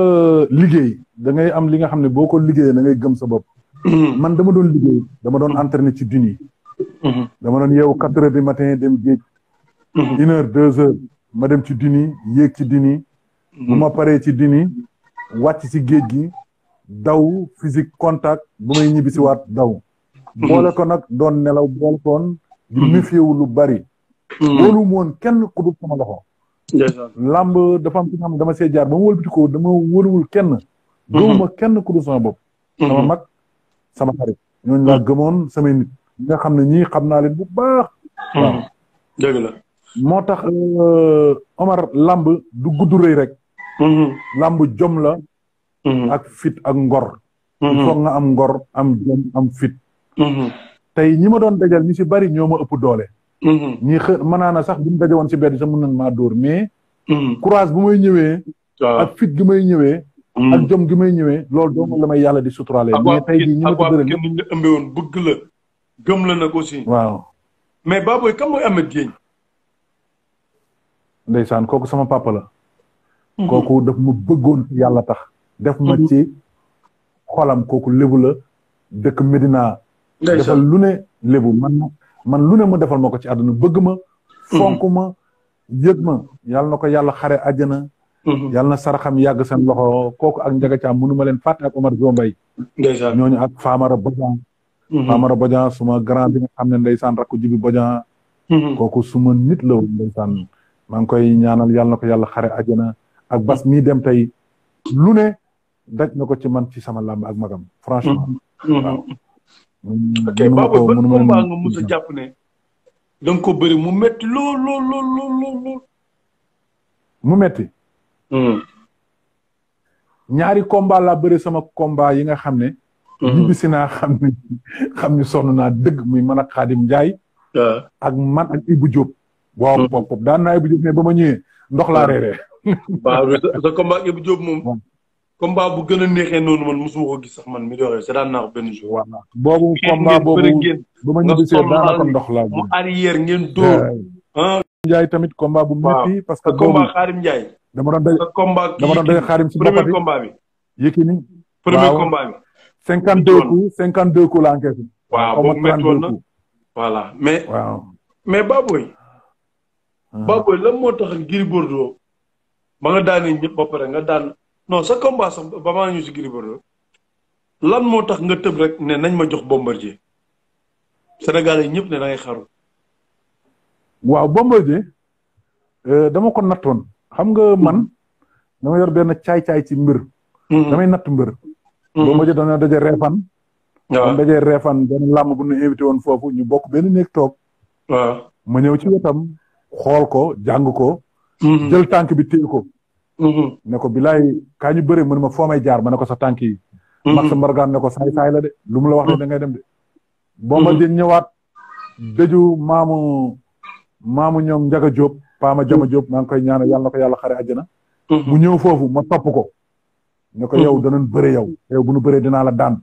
liggéey da ngay am li nga xam ne boo ko liggéeyee da ngay gëm sa bopp. Hmm. man dama doon liggéey dama doon entraîné ci dun yi hmm. dama doon yeewu quatre heures du matin dem géej. Hmm. une heure deux heures ma dem ci dun yi ci dun bu ma paree ci dini wàcc si géej gi daw physique contact bu may ñibbi si waat daw boole ko nag doon nelaw boole koon di méfiewu hmm. lu bari loolu hmm. kenn ku dul sama loxo làmb dafa am ci xam dama see jaar ba ma wëlbati ko dama wëruwul kenn gëmuma hmm. kenn ku dul sama bopp sama mag sama xarit ñooñu laa gëmoon samay nit ñi nga xam ne ñii xam naa leen bu baax waaw moo tax euh, Omar làmb du gudd rëy rek Mm-hmm. làmb jom la. Mm-hmm. ak fit ak ngor. il mm-hmm. nga am ngor am jom fit. tey ñi ma doon dajal ñu si bari ñoo ma ëpp doole. ñi xë mën sax bu ñu woon si benn sax mën nañ maa dóor mais. courage bu may ñëwee. ak fit gi may ñëwee. ak jom gi may ñëwee loolu doo la may yàlla di suturaale. mais tey jii ñi ma ko bëri la ëmbee woon bëgg la gëm la aussi. waaw mais Baboye kan mooy Amath Dieng. ndeysaan kooku sama papa Mhm. kooku daf ma bëggoon yàlla tax def ma mhm. ci xolam kooku lébu la dëkk Medina defal lu ne lébu man man lu ne mu defal ma ko ci àdduna bëgg ma mhm. fonk ma yëg ma yàlla na ko yàlla xare àjjana yàlla na saraxam yàgg seen loxo kooku ak Njaga Caam mënu ma leen fàtte ak Omar Jombay ñooñu ak Famara Bodian Famara Bodian suma grand bi nga xam ne ndeysaan rakku jibi Bodian kooku suma nit la woon ndeysaan maa ngi koy ñaanal yàlla na ko yàlla xare àjjana ak bas mii dem tey lu ne daj na ko ci man ci sama làmb ak magam franchement. Mm-hmm. waaw. Mm-hmm. ok Baboy ban combat nga mos a jàpp ne. da ko bëri mu metti lool lool lool lool lool. mu metti mm-hmm. ñaari combat laa bëri sama combat yi nga xam ne. ñibbisi naa xam ne xam ne sonn naa dëgg muy man ak Xaadim Njaay ak man ak Ibou Diop. waaw pop pop daan naa Ibou Diop ne ba ma ñëwee ndox laa waaw sa combat ak Ibou moom. combat bu gën a neexee noonu man mosuma ko sax man mi doxee c'est benn jour. waaw boobu combat boobu bu ma ñu gisee daanaka ndox laa mu arrière ngeen dóor. ah tamit combat bu métti. parce que boobu combat Xaarim dama doon day dama si boppam premier combat bi. Yékini premier cinquante deux coups cinquante deux waaw mais. waaw mais Baboy. Ah. moo tax Gris Bordeaux ba nga daanee ñëpp ba pare daan non sa combat sax ba maa ñu si Gris Bordeaux moo tax nga tëb rek ne nañ ma jox Bombardier Sénégal yi ñëpp ne da ngay xaru. waaw Bombardier euh, dama ko nattoon xam nga man dama yor benn caay-caay ci mbir. Mm-hmm. damay natt mbir. Mm-hmm. Bombardier dana daje reefan. waaw dana daje reefan benn làmb bu invité woon foofu ñu bokk benn néeg toog. waaw ma ñëw ci wetam xool ko jàng ko. Mm-hmm. jël tànk bi téye ko. Mm-hmm. ne ko bilaay kaa ñu bëre mën ma foo may jaar ma ne ko sa tànk yi. Mm-hmm. Max Mbargaan ne ko saay saay la de lu mu la wax ne da ngay dem de. Bombardier ñëwaat dëju maamu maamu ñoom Njaga Jóob paama Jama Jóob maa ngi koy ñaanal yàlla na ko yàlla xare àjjana. mu ñëw foofu ma topp ko. ne ko yow danañ bëre yow yow bu nu bëree la daan.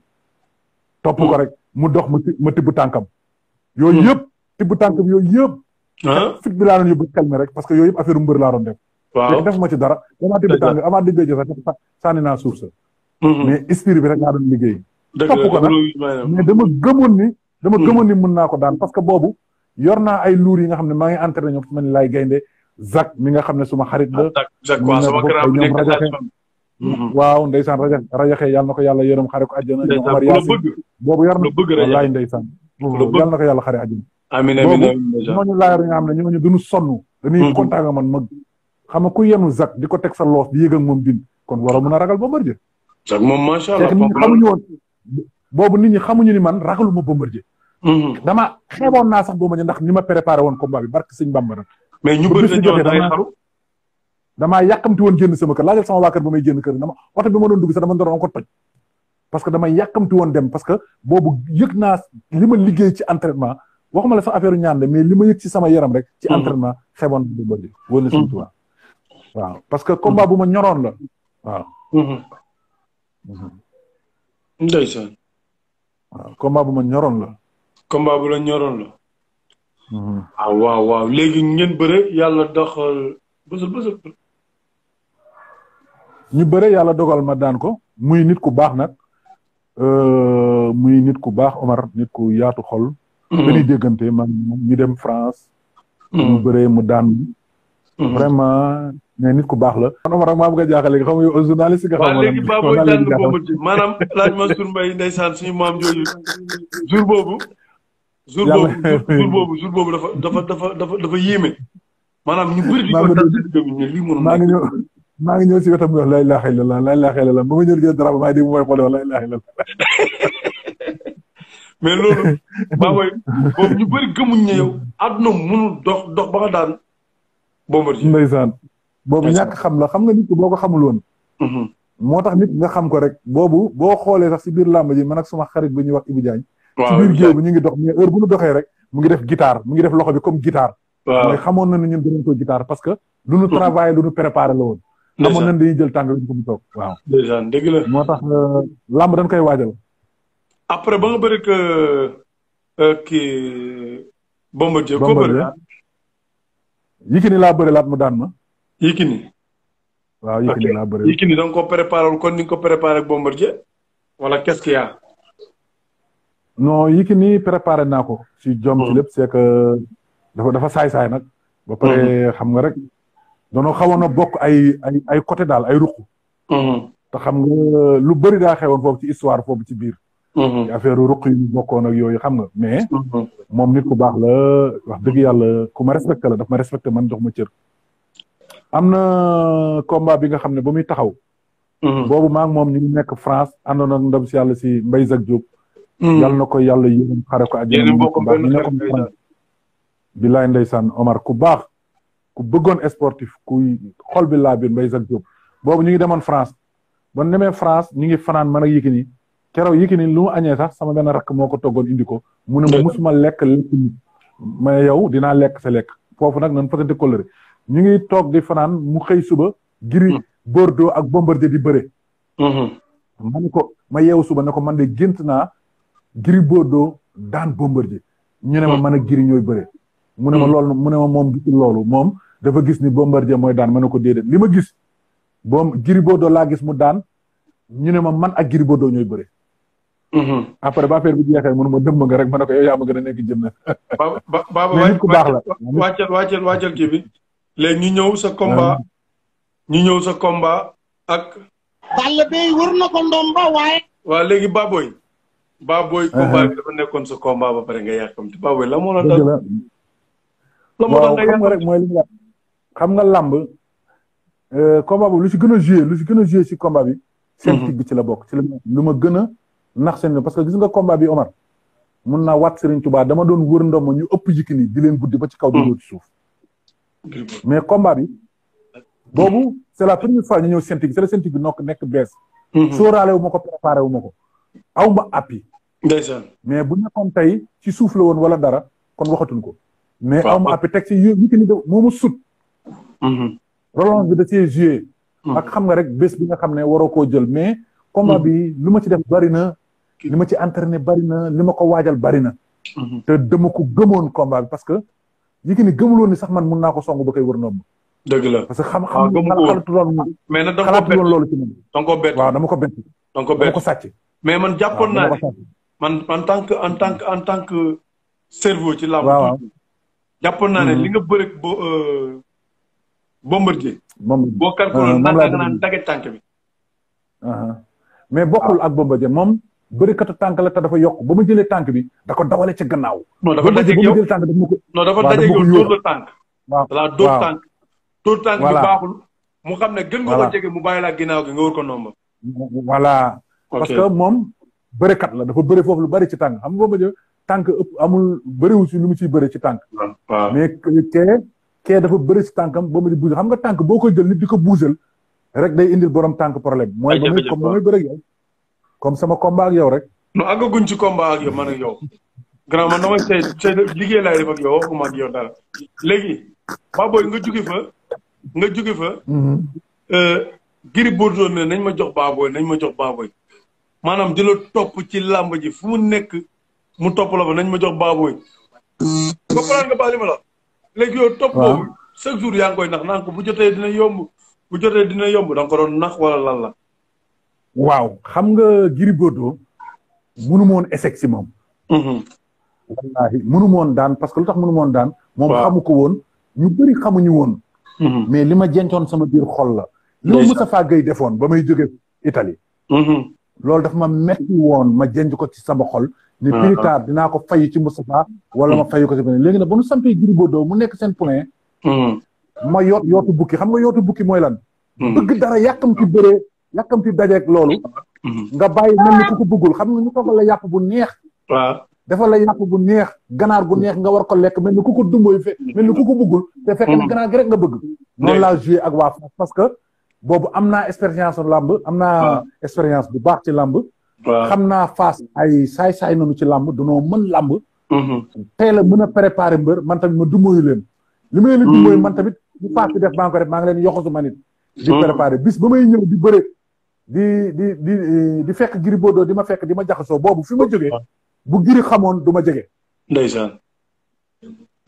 topp ko rek mu dox ma tibb tànkam. yooyu yëpp tibb tànkam yooyu yëpp. Ah. fit bi laa doon yóbbu calme rek parce que yooyu a affaire mbër laa doon def waaw def ma dara damaa dégg tàng naa suuf sa mm-hmm. mais esprit bi rek laa doon liggéey topp ko nag mais dama gëmoon ni dama mm-hmm. naa ko daan parce que boobu yor naa ay luur yi nga xam ne maa ngi entraîné ñoom su ma ni gaynde Zak mi nga xam ne suma xarit ba mm-hmm. waaw ndeysaan raja rajaxee yàlla na ko yàlla yërëm xare ko àjjana ñoom Omar Yaasin boobu yor na wallaay ndeysaan yàlla na ko yàlla xare àjjana amiin amiin amiin ñooñu ne ñooñu duñu sonn. dañuy mm-hmm. kontaan man mag xam nga ku ko teg sa loos di moom din kon war a a ragal Bombardier. zak moom macha allah nit ñi xamuñu woon boobu nit ñi xamuñu ni man ragaluma Bombardier. Mm-hmm. dama xeeboon naa sax Bombardier ndax ni ma préparé woon combat bi barke sëñ Bamba nag. mais ñu bëri dañoo day xaru damaa yàkkamti woon génn sama kër sax sama waa kër ba may génn kër dama oto bi ma doon sax dama doon ko toj parce que dama yàkkamti woon dem parce que boobu yëg naa li ma liggéey ci entraitement waxuma la sax affaire ñaan de mais li ma yëg ci sama yaram rek. ci mm-hmm. entraînement xeboon bi bëri. wóor na suñu mm-hmm. parce que combat bu ma ñoroon la waaw. Mm-hmm. ndeysaan. waaw combat bu ma ñoroon la. combat la ñoroon la. Ah, léegi ngeen bëre yàlla doxal bësul bësul. ñu bëre yàlla dogal ma daan ko muy nit ku baax nag euh, muy nit ku baax Omar nit ku yaatu xol. dañuy mm-hmm. déggante mag ñu dem France. mu mm-hmm. bëree mu daan. Mm-hmm. vraiment mais ku baax la. man Omar ak maam nga jaaxle léegi xam nga yow journaliste nga. xam nga léegi Pape Boye tànn boobu maanaam laaj Mansour Mbaye ndeysaan suñu maam jooju jour boobu. jour boobu jour boobu jour boobu dafa dafa dafa dafa yéeme. maanaam ñu bëri di ko tànn lii mënul maa ngi ñëw maa ngi ñëw si la ilaha illallah la ilaha illallah ba ma ñëw di jël dara ba maa ngi dégg mu may xoole la ilaha illallah mais loolu *laughs* Baboye boobu ñu bëri gëmuñ ne yow àdduna mënul dox dox ba nga daan Bombardier boobu ñàkk xam la xam nga nit ki boo ko xamul woon mhm. moo tax nit nga xam ko rek boobu boo xoolee sax si biir làmb ji man ak suma xarit bi ñuy wax Ibu Diagne ci biir géew bi ñu ngi dox mais heure bu ñu doxee rek mu ngi def guitare mu ngi def loxo bi comme guitare mooy xamoon na ñu ñun dinañ ko guitare parce que lu ñu mhm. travaillé lu ñu préparé la woon xamoon nañ dañuy jël tàng lañu ko mu toog waaw moo tax euh, làmb dañ koy waajal après ba nga bëri que euh, kii. Bombardier ko bëri Yékini laa bëri laat mu daan ma. Yékini. waaw Yékini laa bëri Yékini da nga ko préparé kon ni nga ko préparé ak Bombardier wala qu'est-ce qu'il y a. non naa ko. si jom ci hmm. lépp c'est que dafa dafa saay-saay nag. ba pare hmm. xam nga rek. doonoo xawoon na bokk ay ay ay côté daal ay ruq. Hmm. ta xam nga lu bëri daa xewoon foofu ci histoire foofu ci biir. Mm-hmm. affaire ruq yu bokkoon ak yooyu xam nga mais. Mm-hmm. moom nit ku baax la wax dëgg yàlla ku ma la daf ma respecté man jox ma cër. am na combat bi nga xam ne ba muy taxaw. Mm-hmm. boobu maa moom ñu nekk France àndoon ak ndam si yàlla si Mbaye Zack Diop. yàlla na ko yàlla yéen xare ko àjjana. yéen bokk benn bi ñu bilaay ndeysaan Omar ku baax ku bëggoon sportif ku xol bi laa biir Mbaye Zack Diop. boobu ñu ngi demoon France ba demee France ñu ngi fanaan man ak Yékini. keroog yi ki ni lu mu añee sax sama benn rakk moo ko toggoon indi ko mu ne ma musuma lekk lekk ma yow dinaa lekk sa lekk foofu nag nan fasante coloré ñu ngi toog di fanaan mu xëy suba giri hmm. Bordeaux ak Bombardier di bëre hmm. ma ne ko ma yeew suba ne ko man de gént naa giri Bordeaux daan Bombardier ñu ne ma hmm. man a giri ñooy bëre mu ne ma loolu mu ne loolu moom dafa gis ni Bombardier mooy daan ma ne ko déedéet li ma gis boom giri Bordeaux laa gis mu daan ñu ne ma man ak giri Bordeaux ñooy bëre Mm-hmm. après ba affaire bi jeexee mënu ma dëmm nga rek ma ne ko yow yaa ma gën a nekk jëm na. ba ba baaba nit ku baax la wàccal wàccal wàccal kii bi. léegi ñu ñëw sa combat. ñu ñëw sa combat ak. Balla Beye wër na ko ndomba waaye. waaw léegi Baboy. Baboy uh-huh. combat bi dafa nekkoon sa combat ba pare nga yàkkamti Baboy la moo la dal. la moo dal nga yàkkamti rek mooy li nga xam nga làmb. Euh, combat boobu lu si gën a joué lu si gën a joué si combat bi. scientifique mm-hmm. bi ci la bokk ci la lu ma gën a. nax seen parce que gis nga komba bi Omar mun naa waat Serigne Touba dama doon wër ndomba ñu ëpp jikki nii di leen guddi ba ci kaw di hmm. ñëw suuf mais combat bi boobu c'est la première fois ñu ñëw sentig c'est la sentig bi nokk nekk bees hmm. sóoraale wu ma ko préparé wu ma ko aw ma mais bu nekkoon tey ci suuf la woon wala dara kon waxatuñ ko mais aw ma teg ci yu ki da moomu sut hmm. relance bi da cee joué ak xam nga rek bés bi nga xam ne waroo koo jël mais combat bi lu ma ci def bari na li ma ci entraîné bari na li ma ko waajal bari na. Mhm. te dama ko gëmoon combat bi parce que Yékini gëmuloon ni sax man mun naa ko song ba koy wër noonu. dëgg la parce que xam-xam ah, xalatu doon mais nag danga ko bett loolu ci moom danga ko bett waaw dama ko bett danga ko dama ko sàcc mais man jàppoon naa ne man en tant que en tant que en tant que ci làmb waaw jàppoon naa ne mhm. li nga bëre bo euh, bombardier boo euh, calculé naan da nga naan daggee tànk bi mais boo bokkul ah. ak bombardier moom bërikatu tànk la te dafa yokk ba mu jëlee tànk bi da ko dawale ca gannaaw. non dafa dajeeg yow ba ma dafa dajeeg yow dóor la tànk. waaw waaw mu xam ne gën nga ko jege mu bàyyi laa ginnaaw gi nga wër ko nomba. voilà parce que moom bërikat la dafa bëri foofu lu bëri ci tànk xam nga ma tànk ëpp amul bëriwu si lu mu ciy bëri ci tànk. mais kee kee dafa bëri ci tànkam ba ma di buusal xam nga tànk boo koy jël nit di ko buusal rek day indil borom tànk problème mooy ba muy mooy bëri comme sama combat ak yow rek. non àggaguñ ci combat ak yow man ak yow. grand man damay say liggéey laay def ak yow waxuma ak yow dara léegi Baboy nga jóge fa nga jóge fa. Mm-hmm. Euh, Gris Bordeaux ne nañ ma jox Baboy nañ ma jox Baboy maanaam di la ci làmb ji fu mu nekk mu topp la fa nañ ma jox Baboy. ba pare nga baal li léegi yow topp boobu chaque jour yaa ngi koy nax naan bu jotee dina yomb bu jotee dina yomb da nga ko nax wala lan la. waaw xam nga Gris Bordeaux mënu moon échec si moom mm-hmm. wallaahi mënu moon daan parce que lu tax mënu moon daan moom xamu ko woon ñu bëri xamuñu woon mm-hmm. mais li ma jencoon sama biir xol la li Moustapha defoon ba may jóge Italie mm-hmm. loolu dafa ma metti woon ma jenc ko ci sama xol ni ah, plus ah. tard dinaa ko fay ci Moustapha wala ma mm. fayu ko ci beneen léegi nag ba nu sampee Gris Bordeaux mu nekk seen point ma yoot yootu bukki xam nga yootu bukki mooy lan bëgg dara yàkkamti bëree yàkkamti dajeeg loolu. Mm-hmm. nga bàyyi mel ni ku ko bëggul xam nga ko toggal la yàpp bu neex. waaw dafa la yàpp bu neex ganaar gu neex nga war ko lekk mel ni ku ko dumboy fe mel ni ku ko bëggul. te fekk na mm-hmm. ganaar gi nga bëgg. noonu laa joué ak waa parce que boobu am naa expérience làmb am naa expérience bu baax ci làmb. xam naa face ay saay-saay nanu ci làmb danoo mën làmb. Mm-hmm. teel a mën a préparer mbër man tamit ma dumboyu leen. li may leen dumboyu mm. man tamit bu paas bi def maa ngi ko def maa ngi leen yoxosu ma nit. di mm. préparer bis ba may ñëw di bëre. di di di di fekk Gris Bordeaux di ma fekk di ma jaxasoo boobu fi ma jógee bu Gris xamoon du ma jege. ndeysaan.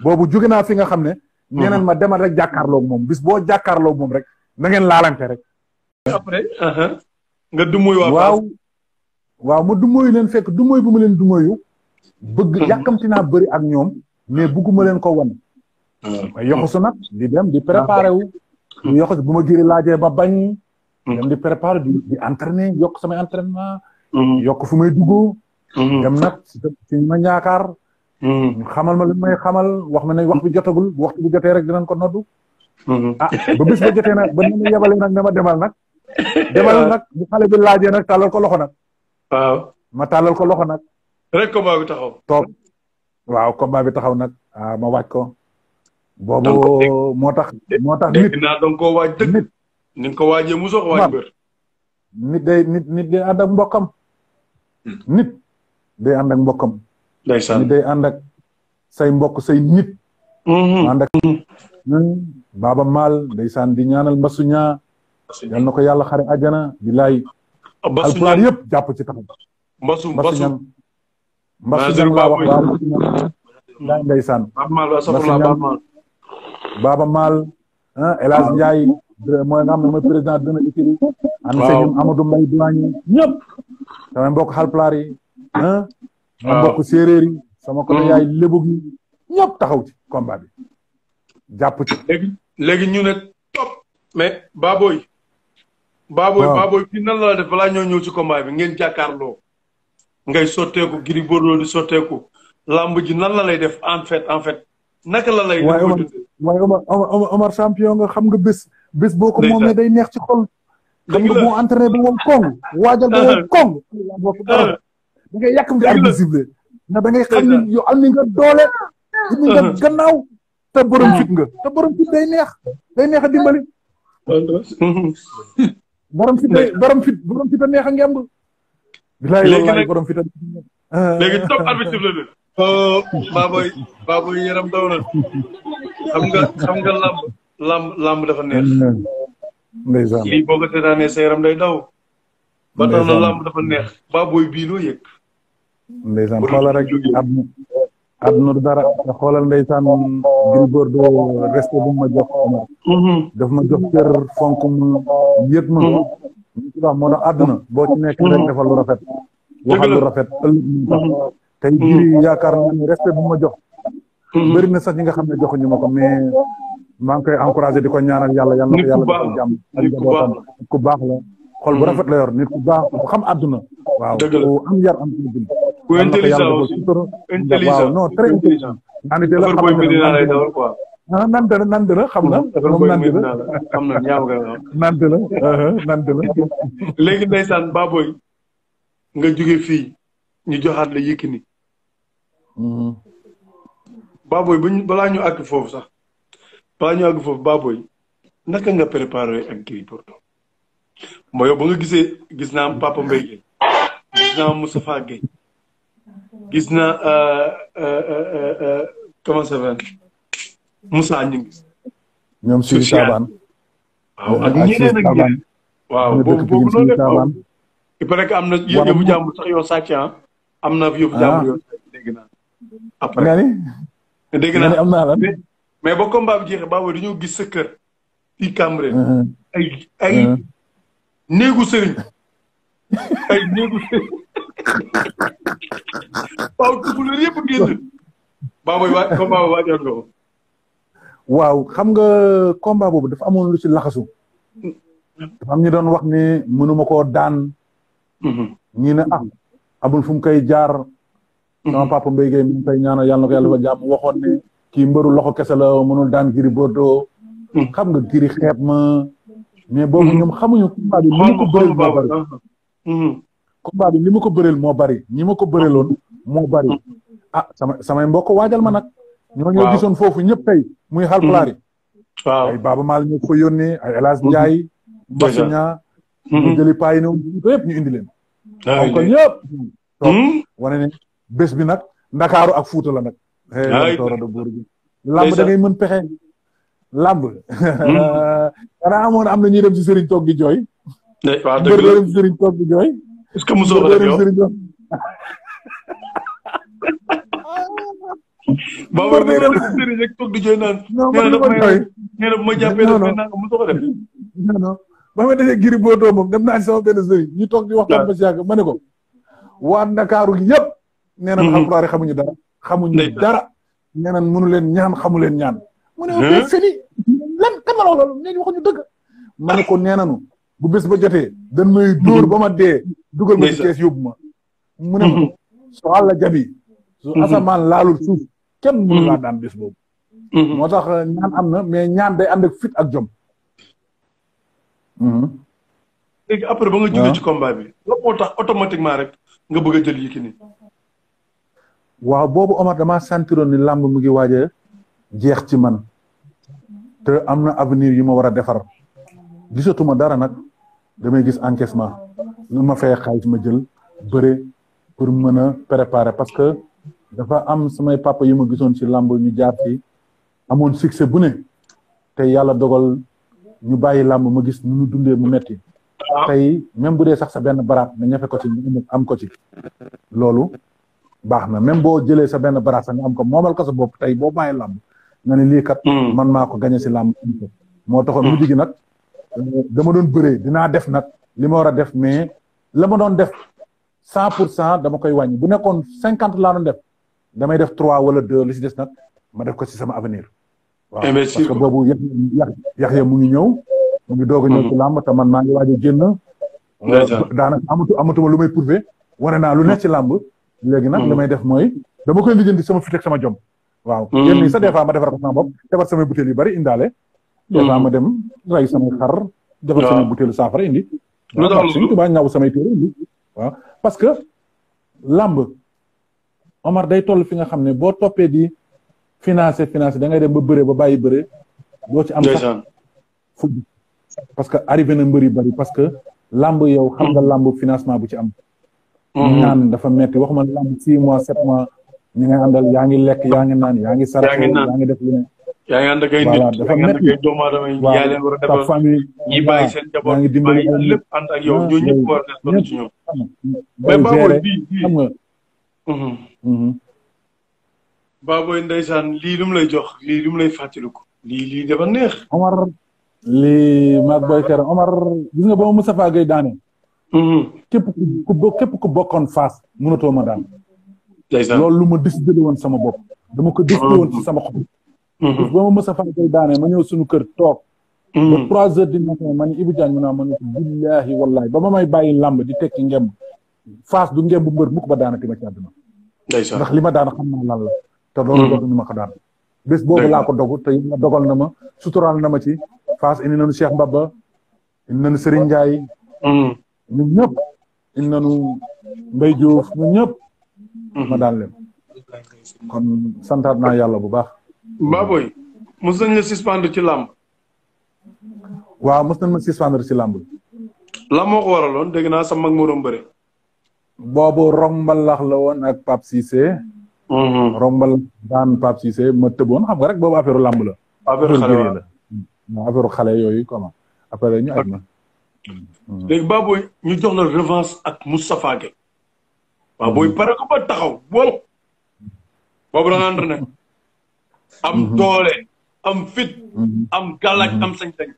boobu jóge naa fi nga xam ne. ñeneen mhm. ma demal rek jàkkaarloog moom bis boo jàkkaarloog moom rek na ngeen laalante rek. Uh-huh. nga dummuy waa waaw waaw ma dummuyu leen fekk dummuy bu ma leen dummuyu. bëgg mhm. yàkkamti naa bëri ak ñoom mais bëgguma leen ko won ma ah. yoxusu nag di dem di préparé wu. ñu mhm. bu ma Gris laajee ba bañ. Mm-hmm. dem di préparer di di entraîner yokk sama entraînement. Mm-hmm. yokk fu may dugg. Mm-hmm. dem nag ci ma ñaakaar. ñu xamal ma li may xamal wax ma ne wax bi jotagul bu waxtu bu jotee rek dinañ ko noddu. ah ba bis ba jotee nag ba ni mu ne ma demal nag. *laughs* demal nag bu xale bi laajee nag tàllal ko loxo nag. ma tàllal ko loxo nag. rek combat bi waaw combat bi taxaw nag ah, ma waaj ko. boobu moo tax moo tax nit. ni ko waajee musoo ko nit day nit nit day ànd ak mbokkam hmm. nit day ànd ak nit day ànd say mbokk say nit hmm. ànd ak hmm. baaba maal ndeysaan di ñaanal mbasu ñaa yal na ko yàlla xare ajana di laay alpulaar ah, yëpp jàpp ci taxaw mbasu mbasu ñan mbasu ñan laa wax waaw ndeysaan mbasu ñan baaba maal ah, El Hadj mooy nga xam ne mooy président dina écurie am na sëñ Amadou Mbaye Diagne ñëpp samay mbokk xalpulaar yi ah sama mbokk séeréer yi sama ko mm. yaay lébu gi ñëpp taxaw ci combat bi jàpp ci léegi ñu ne top mais Baboy Baboy Baboy fii nan la def balaa ñoo ñëw ci combat bi ngeen jàkkaarloo ngay sotteeku Gris Bordeaux di sotteeku lamb ji nan la lay def en fait en fait naka la lay def waaye Omar champion nga xam nga bés bis boo ko moomee day neex ci xol. dam nga boo entraîné ba woon koŋ waajal ba woon koŋ. da ngay mu di arbitre sifflé na da ngay xam ni am ni nga doole. ni te borom nga te borom fit neex day neex a dimbali. *laughs* borom borom fit borom fit a neex a ngemb. bilaay wallaay borom a léegi top arbitre sifflé na. Oh, baabooy baabooy yaram daw na làmb làmb dafa neex. Mm-hmm. ndeysaan lii boo ko seetaanee sa yaram day rek àdduna du dara te xoolal ndeysaan Gris Bordeaux respect bu ma jox. Mm-hmm. daf ma jox cër fonk mu ma. Mm-hmm. li ci wax moo tax àdduna boo ci nekk rek lu rafet. waxal lu rafet ëllëg tax tey jii respect bu ma jox. bëri na sax ñi nga xam ne joxuñu ma ko mais. maa koy encouragé di ko ñaanal yàlla yàlla ko yàlla defal jàmm nit ku baax la nit ku baax la xol bu hmm. rafet la yor nit ku baax ku xam àdduna waaw ku am yar am teggin ku intelligent aussi intelligent waaw non très ah, xam na moom nante la xam na ñaam nga nante la ah, nante la léegi ndeysaan Baboy nga jóge fii ñu joxaat la Yékini hmm. Baboy buñ balaa ñu ak foofu sax balaa ñu àgg foofu Baboy naka nga préparé ak Gris Bordeaux mooy yow ba nga gisee gis naa Papa Mbaye Guèye gis naa Moustapha gis naa euh, euh, euh, comment ça va Moussa ñu ngi. ñoom Sidi Saabane. waaw ak ñeneen ak waaw boobu boobu que am na yëfu jàmbur sax am na yëfu ah. jàmbur yoo naa. après am naa mais ba combat bi jeexee Baboy dañoo gis sa kër fii Cambérène. Mm-hmm. ay ay mm-hmm. néegu sëriñ. ay néegu sëriñ. yëpp génn. Baboy xam nga combat boobu dafa amoon lu ci laxasu. am ñu doon wax ni mënuma ko daan. Mm-hmm. ñii ne ah amul fu koy jaar. sama papa Mbaye Gueye mi ngi koy na ko yàlla dafa jàmm waxoon kii mbëru loxo kese la mënul daan Gris Bordeaux. Hmm. xam nga Gris xeeb ma. mais boobu hmm. ñoom xamuñu ko bëreel moo bari. Uh-huh. Hmm. combat ma ko bëreel moo bari ñi ma ko bëreeloon moo bari. ah sama samay mbokk waajal ma nag. ñoo ñoo gisoon foofu ñëpp tey muy Haalpulaar yi. waaw ay Baaba Maal ñu ko yónnee ay El Hadj Ndiaye. Mbassouna. ñu jëli paa yi ne yëpp ñu indi leen. waaw kon ñëpp. toog wane ne bés bi nag Ndakaaru ak Fuuta la nag. ay buur gi làmb mën pexe làmb hmm. *laughs* xanaa amoon am na ñuy dem si sëriñ toog jooy eh, def yow sëriñ toog di jooy naan *laughs* nee na bu ma jàppee daf may naan mosoo ko def *laughs* non non ba ma defee giri moom dem naa si sama benn sëriñ ñu toog di waxtaan ah. ba si yàgg ma ne ko waa Ndakaaru gi yëpp nee na hmm. alxuraari xamuñu dara xamuñu dara ñaanal mënu leen ñaan xamu leen ñaan. mu ne ma sëni lan kan la loolu ñooñu waxuñu dëgg. ko nee bu bés ba jotee dañ may dóor ba ma dee. dugal ma ci kees yóbbu ma. mu ne ma su àll jabi. su asamaan laalul kenn mënu laa daan bés boobu. moo tax eh, ñaan am na mais ñaan day ànd ak fit ak jom. léegi après ba nga jógee ah. ci combat tax automatiquement rek nga bëgg a jël Yékini waaw boobu Omar damaa sentiroon ni làmb mu ngi waaj jeex ci man te am na avenir yu ma war a defar gisatuma dara nag damay gis encaissement lu ma fay xaalis ma jël bëre pour mën a préparer parce que dafa am samay papa yu ma gisoon ci làmb ñu jaar ci amoon succès bu ne te yàlla dogal ñu bàyyi làmb ma gis nu ñu dundee mu metti ah. tey même bu dee sax sa benn baraat na ñafe ko ci am ko ci loolu baax na même boo jëlee sa benn baraasa nga am ko moomal ko sa bopp tey boo bàyyi làmb nga ne lii kat. Hmm. man maa ko gañe si làmb moo taxoon hmm. mujj gi nag dama doon bëree dinaa def nag li ma war a def mais la ma doon def cent cent dama koy wàññi bu nekkoon cinquante laa damay def trois wala deux li si des nag ma def ko si sama avenir. waaw eh parce que boobu yax yax yax ya mu ngi ñëw mu ngi doog a ñëw hmm. ci làmb te man maa ngi waaj a génn daanaka amatu amatuma lu may prouver wane naa lu nekk ci làmb léegi nag li hmm. may def mooy dama koy lijjanti sama fit sama jom waaw hmm. yenn yi sax des fois ma defar ko sama bopp defar samay butéel yu bari indaale des fois hmm. ma dem ray samay xar defar samay butéelu saafara indi waaw suñu tubaa ñaw samay téere parce que làmb Omar day toll fi nga xam ne boo toppee di financer financer da ngay dem ba bëre ba bàyyi bëre boo ci am sax fuddi parce que arrivé na mbër yi bari parce que lamb yow xam nga lamb financement bu ci am Mm-hmm. naan dafa metti waxuma lamb six mois sept mois ñi nga yaa ngi lekk yaa ngi naan yaa ngi sarax yaa ngi def lu ne yaa ngi ànd ak ngi ànd a defal ñi bàyyi seen njaboot ñi bàyyi lépp ànd ak a des ci ñoom mais mm-hmm. Mm-hmm. lii lu lay jox lii lu mu lay fàttaliku lii lii dafa neex Omar lii maag boy kere Omar gis nga ba ma Moustapha Gueye Mhm. képp ku képp ku bokkoon face mënatoo ma daan. loolu lu ma dis décidé woon sama bopp. dama ko décidé woon sama xol. Mhm. ba ma mës a faa koy daanee ma ñëw suñu kër toog. Mhm. ba trois heures du matin ma ni Ibou Diagne mu naa ma ne ko billaahi ba ma may bàyyi làmb di tekki ngemb. face du ngemb mbër mukk ba daanati ma ci àdduna. ndax li ma daan xam naa lan la. te loolu doon ma ko daan. bés boobu laa ko dogu te yéen dogal na ma suturaal na ma ci faas indi nañu Cheikh Mbaba indi nañu Serigne Ndiaye. ñun ñëpp il nanu Mbaye Diouf ñun ñëpp mhm. ma daan leen kon santaat naa yàlla bu baax Baboy mos nañ la suspendre ci làmb waaw mos ma suspendre ci làmb la moo waraloon dégg naa sa mag moroom bëri boobu rombalax la woon ak Pape Cissé mhm. rombalax daan Pape Cissé ma tëboon xam nga rek boobu affaire làmb la affaire xale xale yooyu comment après ñu aj Mm. léegi Baboy ñu jox la revanche ak Moustapha Gueye. Baboy mm. pare ko ba taxaw wol boobu da nga entraîné am mm-hmm. doole am fit. Mm-hmm. am gàllaaj am mm-hmm. sañ-sañ.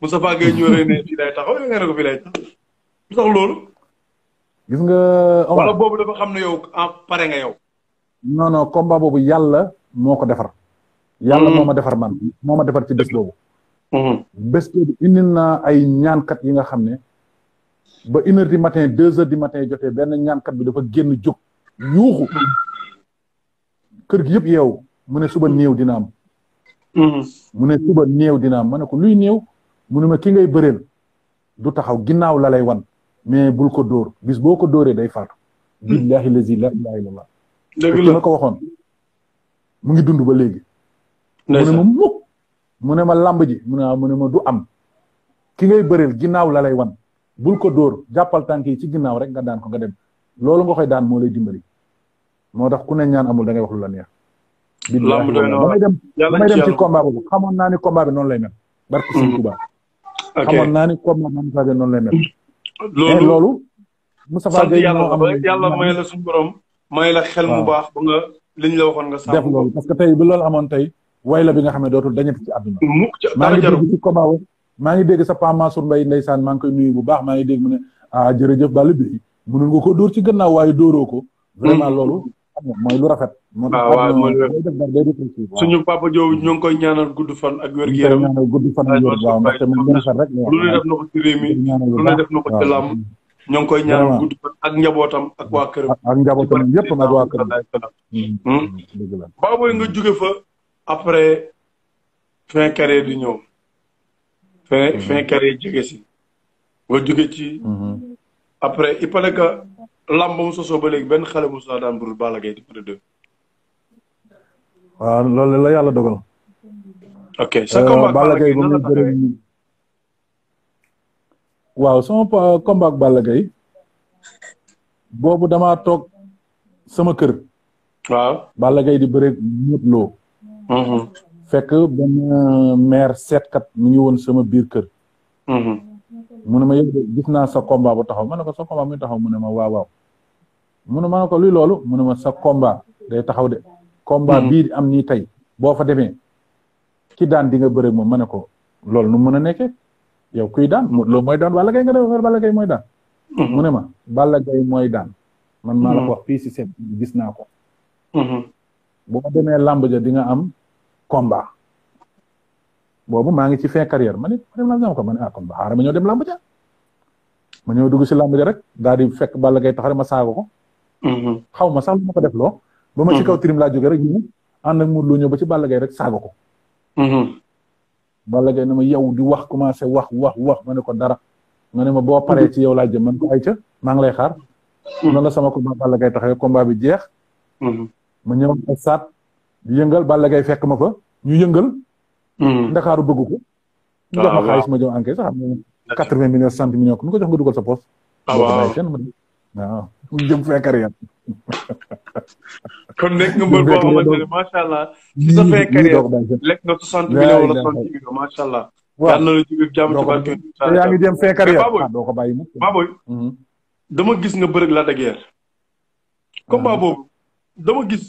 Moustapha Gueye ñëw ne fii taxaw yow nga ne ko taxaw lu loolu. gis nga. wala boobu dafa xam ne yow ah, pare nga yow. non non combat boobu yàlla moo ko defar. yàlla moo ma defar man moo ma defar ci bés boobu. Mm-hmm. bés boobu indil naa ay ñaankat yi nga xam ne ba une heure du matin deux heures du matin jotee benn ñaankat bi dafa génn jóg yuuxu kër gi yëpp yeewu mu ne suba néew dina am mm-hmm. mu ne suba néew dina am ma ne ko luy néew mu ne ma ki ngay bëreel du taxaw ginnaaw la lay wan mais bul ko dóor bis boo ko dóoree day faatu mm-hmm. billahi lazi la ilaha illallah dëgg la ko waxoon mu ngi dund ba léegi mu ne ma mukk mu ne ma làmb ji mu ne ma mu ne ma du am ki ngay bëreel ginnaaw la lay wan bul ko dóor jàppal tànk yi ci ginnaw rek nga daan ko nga dem loolu nga koy daan moo lay dimbali moo tax ku ne ñaan amul da ngay wax lu la neex. làmb doy na damay dem damay dem ci combat boobu xamoon naa ni combat noonu lay mel. barke Sëñ Tuubaa. ok xamoon naa ni combat Moussa Gueye noonu lay mel. loolu loolu. Moustapha Gueye yàlla ba yàlla may la suñu borom. may la xel mu baax ba nga liñ la waxoon nga. def loolu parce que tey bi loolu amoon tey. way la bi nga xam ne dootul dañati ci àdduna maa ngi dégg ci combat maa ngi dégg sa Pa Mansour Mbaye ndeysaan maa ngi koy nuyu bu baax maa ngi dégg mu ah, jërëjëf Balla Bèye mënul nga ko door ci gannaaw waaye dóoroo ko vraiment loolu xam nga mooy lu rafet moo tax ah, suñu papa Diop ñoo ngi koy ñaanal gudd fan ak wér gu yaram ñaanal gudd fan ak wér rek lu ne def na ko ci réew mi lu ne def na ñoo koy ñaanal gudd fan ak njabootam ak waa këram ak njabootam yëpp nag waa këram dëgg la baaboy nga jóge fa après fin carré du ñëw fin mhm. fin carré jóge nga jóge ci mhm. après il paraît que lamb mu sosoo ba léegi benn xale mu saa daan budul Balla di Balla 2 waaw loolu la yàlla dogal ok sa euh, combat Balla waaw sama combat Balla Gaye boobu damaa toog sama kër waaw Balla Gaye di bëri Modou Lo Mm-hmm. fekk benn maire seetkat mu ngi woon sama biir kër. Mm-hmm. mu ne ma yëg gis naa sa combat bu taxaw ma ne ko sa combat muy taxaw mu ne ma waaw waaw mu ne ma ne ko luy loolu mu ne ma sa combat day taxaw de. komba mm-hmm. bii am nii tey boo fa demee ki daan di nga bëre moom ma ne ko loolu nu mën a nekkee yow kuy daan loolu mooy daan Balla Gaye nga defar Balla mooy daan. mu ne ma Balla mooy daan. man maa la wax fii si seen gis naa ko. bu ma demee làmb ja di nga am. combat boobu maa ngi ci fin carrière ma ne ma dem ko ma ne ah kon ba xaaral ma ñëw dem lamb ma ñëw dugg si lamb ja rek daal di fekk Balla Gaye taxare ma saago ko mm-hmm. xaw ma sax lu ma ko def loo ba ma ci kaw mm-hmm. trim laa jóge rek ñu ànd ak Modou Lo ñëw ba ci Balla rek saago ko mm-hmm. Balla Gaye ne ma yow di wax commencé wax wax wax ma ne ko dara nga ne ma boo pare ci yow laa jëm man ko ay ca maa ngi lay xaar noonu la sama combat Balla Gaye taxawee combat bi jeex ma ñëw saat di yëngal Balla Gaye fekk ma fa ñu yëngal. Hmm. Ndakaaru bëgg ko. ñu jox ma xaalis ma jëm enquête sax am na quatre-vingt millions ñu ah, jëm fin carrière. kon nekk nga *laughs* soixante millions wala soixante millions macha allah. waaw yàlla na la jóge jàmm ci ah, mhm. ah. boobu dama gis.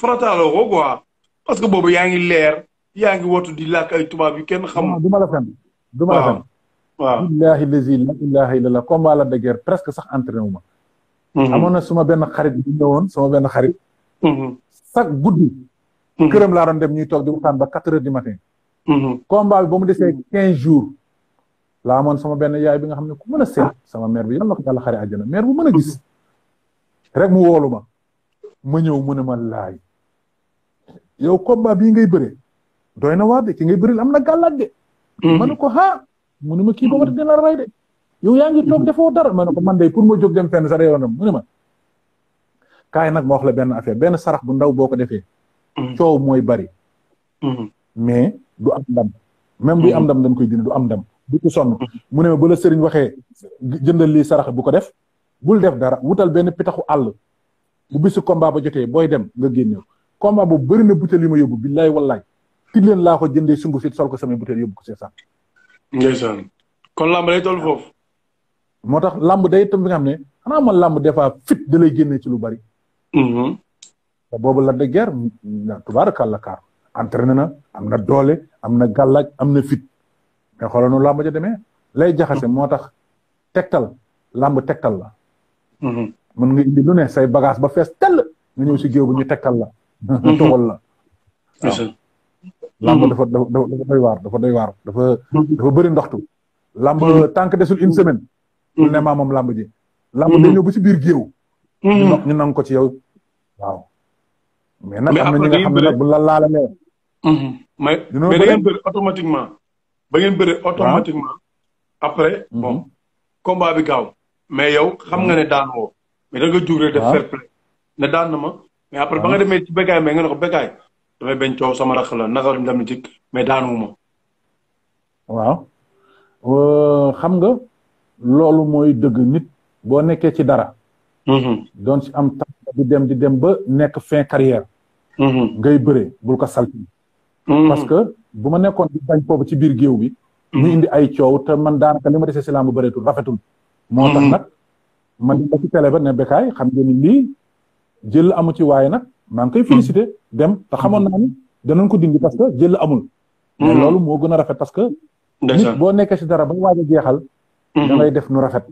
farataaloo ko quoi parce que boobu yaa ngi leer yaa ngi wootu di làkk ay tubaab yu kenn xam du ma la fen du ma la fen. waaw billaahi lazi la ilaaha la de guerre presque sax entraîné wu ma. Mhm. amoon na suma benn xarit bu ñëwoon suma benn xarit. Mhm. chaque guddi. Mhm. këram laa doon dem ñuy toog di waxtaan ba quatre heures du matin. combat ba mu desee quinze jours. laa amoon sama benn yaay bi nga xam ne ku mën a seet sama mère bi yal na ko yàlla xare àjjana mère bu mën a gis. rek mu woolu ma. mu ne ma laay. yow combat bii ngay bëre dooy na waar de ki ngay bëril am na gàllaaj de. Mm-hmm. ma ko ah mu ne ma kii ko war a gën a de. yow yaa ngi toog mm-hmm. defoo dara ma ne ko man de pour ma jóg dem fenn sa yoonam mu ma. kaay nag ma wax la benn affaire benn sarax bu ndaw boo ko defee. Mm-hmm. coow mooy bari. mais du am ndam. même buy am ndam dañ koy dindi du am ndam. du sonn mu ne ma ba la sëriñ waxee jëndal lii sarax bu ko def. bul def dara wutal benn pitaxu àll. bu bisu combat ba jotee booy dem nga génne combat boobu bëri na butéel yu ma yóbbu billaay wallaay tit leen laa ko jëndee sungu sit sol ko samay butéel yóbbu ko seetaan. ndeysaan kon làmb day toll foofu. moo tax làmb day tam bi nga xam ne xanaa man làmb des fois fit da génne ci lu bari. Mm-hmm. boobu la de guerre tubaarakàlla kaar entraîné na am na doole am na gàllaaj am na fit mais xoolal nu làmb ja demee lay jaxase moo tax tegtal làmb tegtal la. Mm-hmm. mën nga indi lu ne say bagage ba fees tell nga ñëw si géew bu ñu tegtal la. *laughs* toxal la waaw làmb mhm. dafa dafa dafa doy waar dafa doy waar dafa mhm. dafa bëri ndoxtu làmb mhm. tànk desul une semaine ñu ne maa moom làmb ji làmb day ba ci biir géew ñu nangu ko ci yow waaw mais nag am na ñi nga xam ne bu la laala nee automatiquement ba ngeen bëri automatiquement après bon combat bi gaaw mais yow xam nga ne daan woo mais da nga jug rek def ah. fair ne daan na ma mais après ba nga demee ci bekkaay mais coow sama rax la naka dem ci mais daanuwuma. waaw euh, xam nga loolu mooy dëgg nit boo nekkee ci dara. Mm-hmm. doon si am temps di dem di dem ba nekk fin carrière. Mm-hmm. ngay bëree bul ko salti mm-hmm. parce que bu ma nekkoon di bañ foofu ci biir géew bi. ñu indi ay coow te man daanaka li ma desee si làmb bëreetul rafetul. moo tax nag man di ci télé ne bekkaay xam nga ni lii. jël amu ci waaye nag maa ngi koy hmm. félicité dem te xamoon hmm. naa ni danañ ko dindi parce que jël amul mais hmm. loolu moo gën a rafet parce que nit boo nekkee si dara ba waaj a jeexal da ngay def nu rafet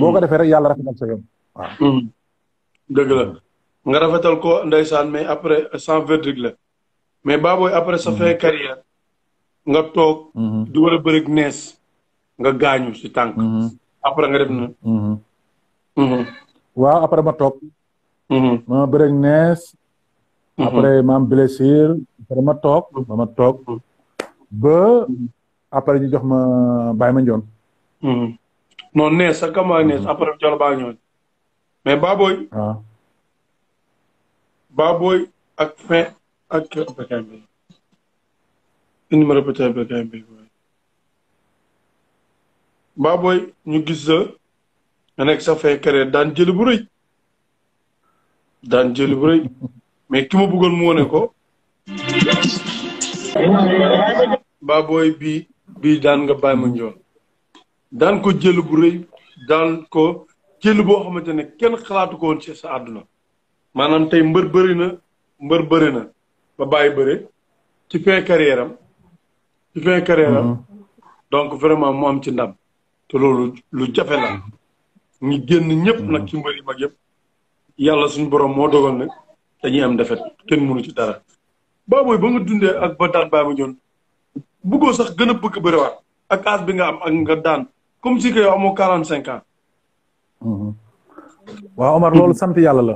boo ko defee rek yàlla rafetal sa yoon waaw dëgg nga rafetal ko ndeysaan mais après sans verdict la mais baabooy après ça fait carrière nga toog du war a nees nga gaañu si tànk après nga def na waaw après ma toog Mm-hmm. ma bëreeg nees. Mm-hmm. après ma am blessure. après ma toog ma ma toog. Mm-hmm. ba après ñu jox ma bàyyi ma njoon. non nees sa kamaa nees après jol ñooñ mais Baboy. waaw ah. ak fin ak. indi ma répété BKM bi Baboy ñu gis sa nekk sa fee kere daan jëli bu rëy. daan jëli bu rëy mais ki ma bëggoon mu wone ko baabooy bii bi daan nga bàyyi mu njoon daan ko jël bu rëy daan ko jël boo xamante ne kenn xalaatu ko ci sa àdduna maanaam tey mbër bëri na mbër bëri na ba bàyyi bëre ci fin carrière am ci fin carrière mm-hmm. donc vraiment mu am ci ndam te loolu lu jafe la ñu génn ñëpp nag ci mm-hmm. mbër yi yëpp yàlla suñu borom moo dogal nag dañuy am defet kenn mënu ci dara. baabooy ba nga dundee ak ba daan baama ñoon bëggoo sax gën a bëgg bëriwaat ak aas bi nga am ak nga daan comme si que yow amoo quarante cinq ans. Mhm. loolu sant yàlla la.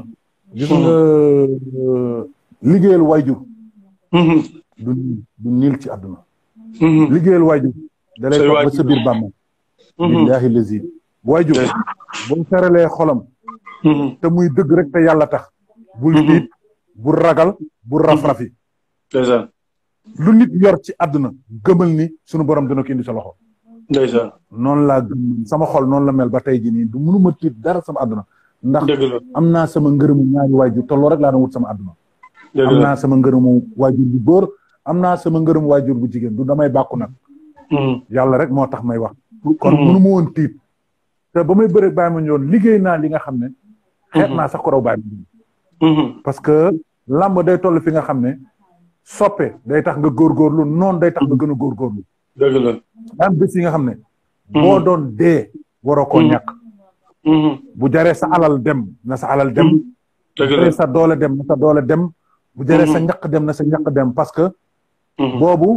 gis nga euh, liggéeyal waajur mhm. du niil ci àdduna mhm. liggéeyal waajur da lay toog ba boo seralee xolam Mm-hmm. te muy dëgg rek te yàlla tax. bu liit mm-hmm. bul ragal bul mm-hmm. raf-rafi. lu nit yor ci àdduna gëmal ni sunu borom dina ko indi sa loxo. ndeysaan. noonu laa sama xol noonu la mel ba tey jii nii du mënuma tiit dara sama àdduna. ndax am naa sama ngërëmu ñaari waajur te loolu rek laa doon wut sama àdduna. am naa sama ngërëmu waajur bu góor am naa sama ngërëmu waajur bu jigéen du damay bàkku nag. yàlla rek moo tax may wax. kon mënu ma woon tiit. te ba may bëre bàyyi ma ñëwoon liggéey naa li nga xam ne. xeet mhm. naa sax ko raw baay mhm. parce que làmb day toll fi nga xam ne soppe day tax nga góorgóorlu noon day tax nga gën a góorgóorlu dëgg la daan yi nga xam ne mhm. boo doon dee waroo ko ñaq bu jaree sa alal dem na sa alal dem bu jaree sa doole dem na sa doole dem bu jaree sa ñaq dem na sa ñaq dem parce que boobu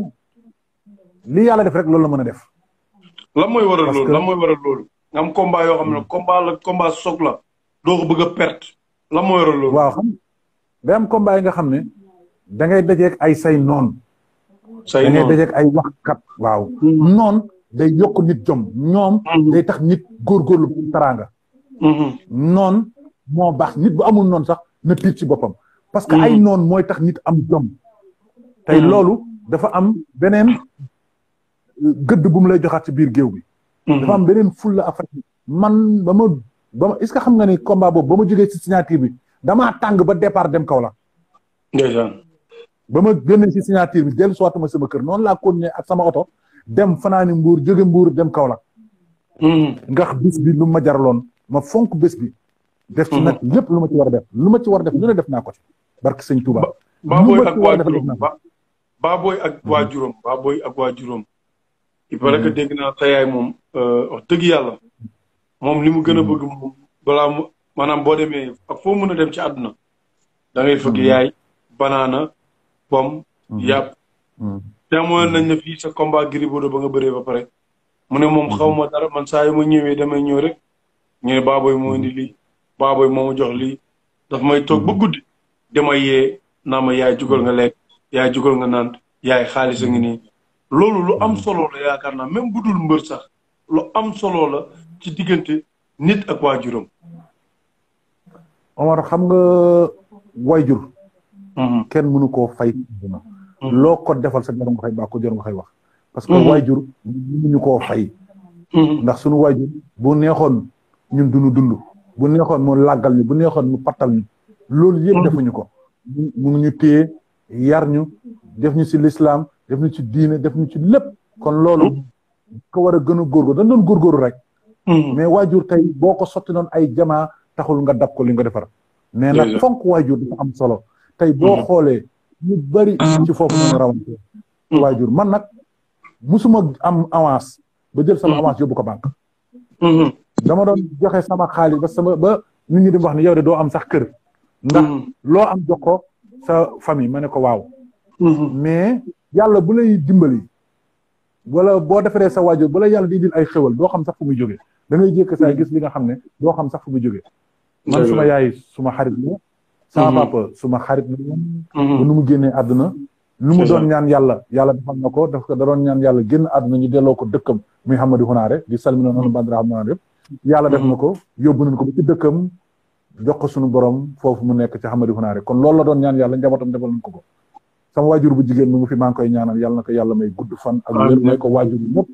li yàlla def rek loolu la mën a def lan mooy waral loolu lan mooy waral loolu nga am combat yoo xam ne combat la la doo ko bëgg perte la moo yore loolu. waaw xam nga am combat yi nga xam ne da ngay dajeeg ay say noon. say noon ay waxkat. waaw mm-hmm. noon day yokk nit jom ñoom. Mm-hmm. day tax nit góorgóorlu bu taraanga. Mm-hmm. noon moo baax nit bu amul noon sax na tiit ci boppam. parce que ay noon mooy tax nit am jom. tey loolu dafa am beneen gëdd bu mu lay joxaat ci biir géew bi. dafa am beneen fulla affaire man ba ma ba ma est-ce que xam nga ni combat boobu ba ma jógee ci signature bi damaa tàng ba départ dem kaw la ba ma génn ci signature bi dellu soituma sama kër noonu laa continuer ak sama oto dem fanaani mbuur jóge mbuur dem kaw la hmm. ngax bis bi lu ma jaraloon ma fonk bés bi def ci hmm. nag lépp lu ma ci war a def lu ma ci war a def lu def naa ko ci barke sëñ Touba babooy ak waa ak hmm. waa juróom babooy ak waa juróom il paraît dégg naa sa moom euh, wax dëgg yàlla moom li mu gën a hmm. bëgg moom balaa mu boo demee ak foo mën a dem ci àdduna da ngay fëgg hmm. yaay banaana pom hmm. yàpp te amoon nañ ne fii sa combat Gris Bordeaux ba nga bëree ba pare mu ne moom xaw ma dara man saa yu ma ñëwee damay ñëw rek ñu ne baaboy moo indi lii baaboy moo ma jox lii daf may toog ba guddi damay yee naa ma yaay jugal nga lekk yaay jugal nga naan yaay xaalis a ngi nii loolu lu am solo yaakaar naa même bu dul mbër sax lu am solo la ci diggante nit ak waajuram. Omar xam nga waajur. Mm-hmm. kenn mënu koo fay. Mm-hmm. loo ko defal sa jarum nga xay ko jarum nga wax. parce que mm-hmm. waajur ñu koo fay. ndax sunu waajur bu neexoon ñu duñu dund. bu neexoon mu laggal ñu bu neexoon mu pattal ñu. loolu yëpp defuñu ko. mu ñu téye yar ñu def ñu ci lislaam def ñu ci diine def ñu ci lépp. kon loolu ko war a gën a góorgóorlu dañ doon góorgóorlu rek. Mm. mais waajur tey boo ko sotti noonu ay jamaa taxul nga dab ko li nga defar mais nag fonk waajur dafa am solo tey boo mm. xoolee bari bëri mm. ci foofu noonu rawante waajur man nag musuma am avance ba jël sama avance yóbbu ko banque mm-hmm. dama doon joxe sama xaalis ba sama ba nit ñi di wax ne yow de doo am sax kër ndax loo am jox ko sa fami ma ne ko waaw mm-hmm. mais yàlla bu lay dimbali wala boo defaree sa waajur bu la yàlla di indil ay xewal doo xam sax fu muy jógee dangay ngay jékk saa hmm. gis li nga xam ne doo xam sax fu mu jógee man suma yaay suma xarit la sama hmm. papa suma xarit la hmm. mu génnee àdduna lu ñaan yàlla yàlla defal na ko daf ko da ñaan yàlla génn àdduna ñu delloo ko dëkkam muy Hamadi Hunaare di salmino noonu bandira xam naan yëpp yàlla def na ko yóbbu nañ ko ba ci dëkkam jox ko suñu borom mu nekk ci Hamadi Hunaare kon loolu la doon ñaan yàlla njabootam defal nañ ko ko sama waajur bu jigéen mu ngi fi maa ngi koy ñaanal yàlla na ko yàlla may gudd fan ak wér may ko waajur ñëpp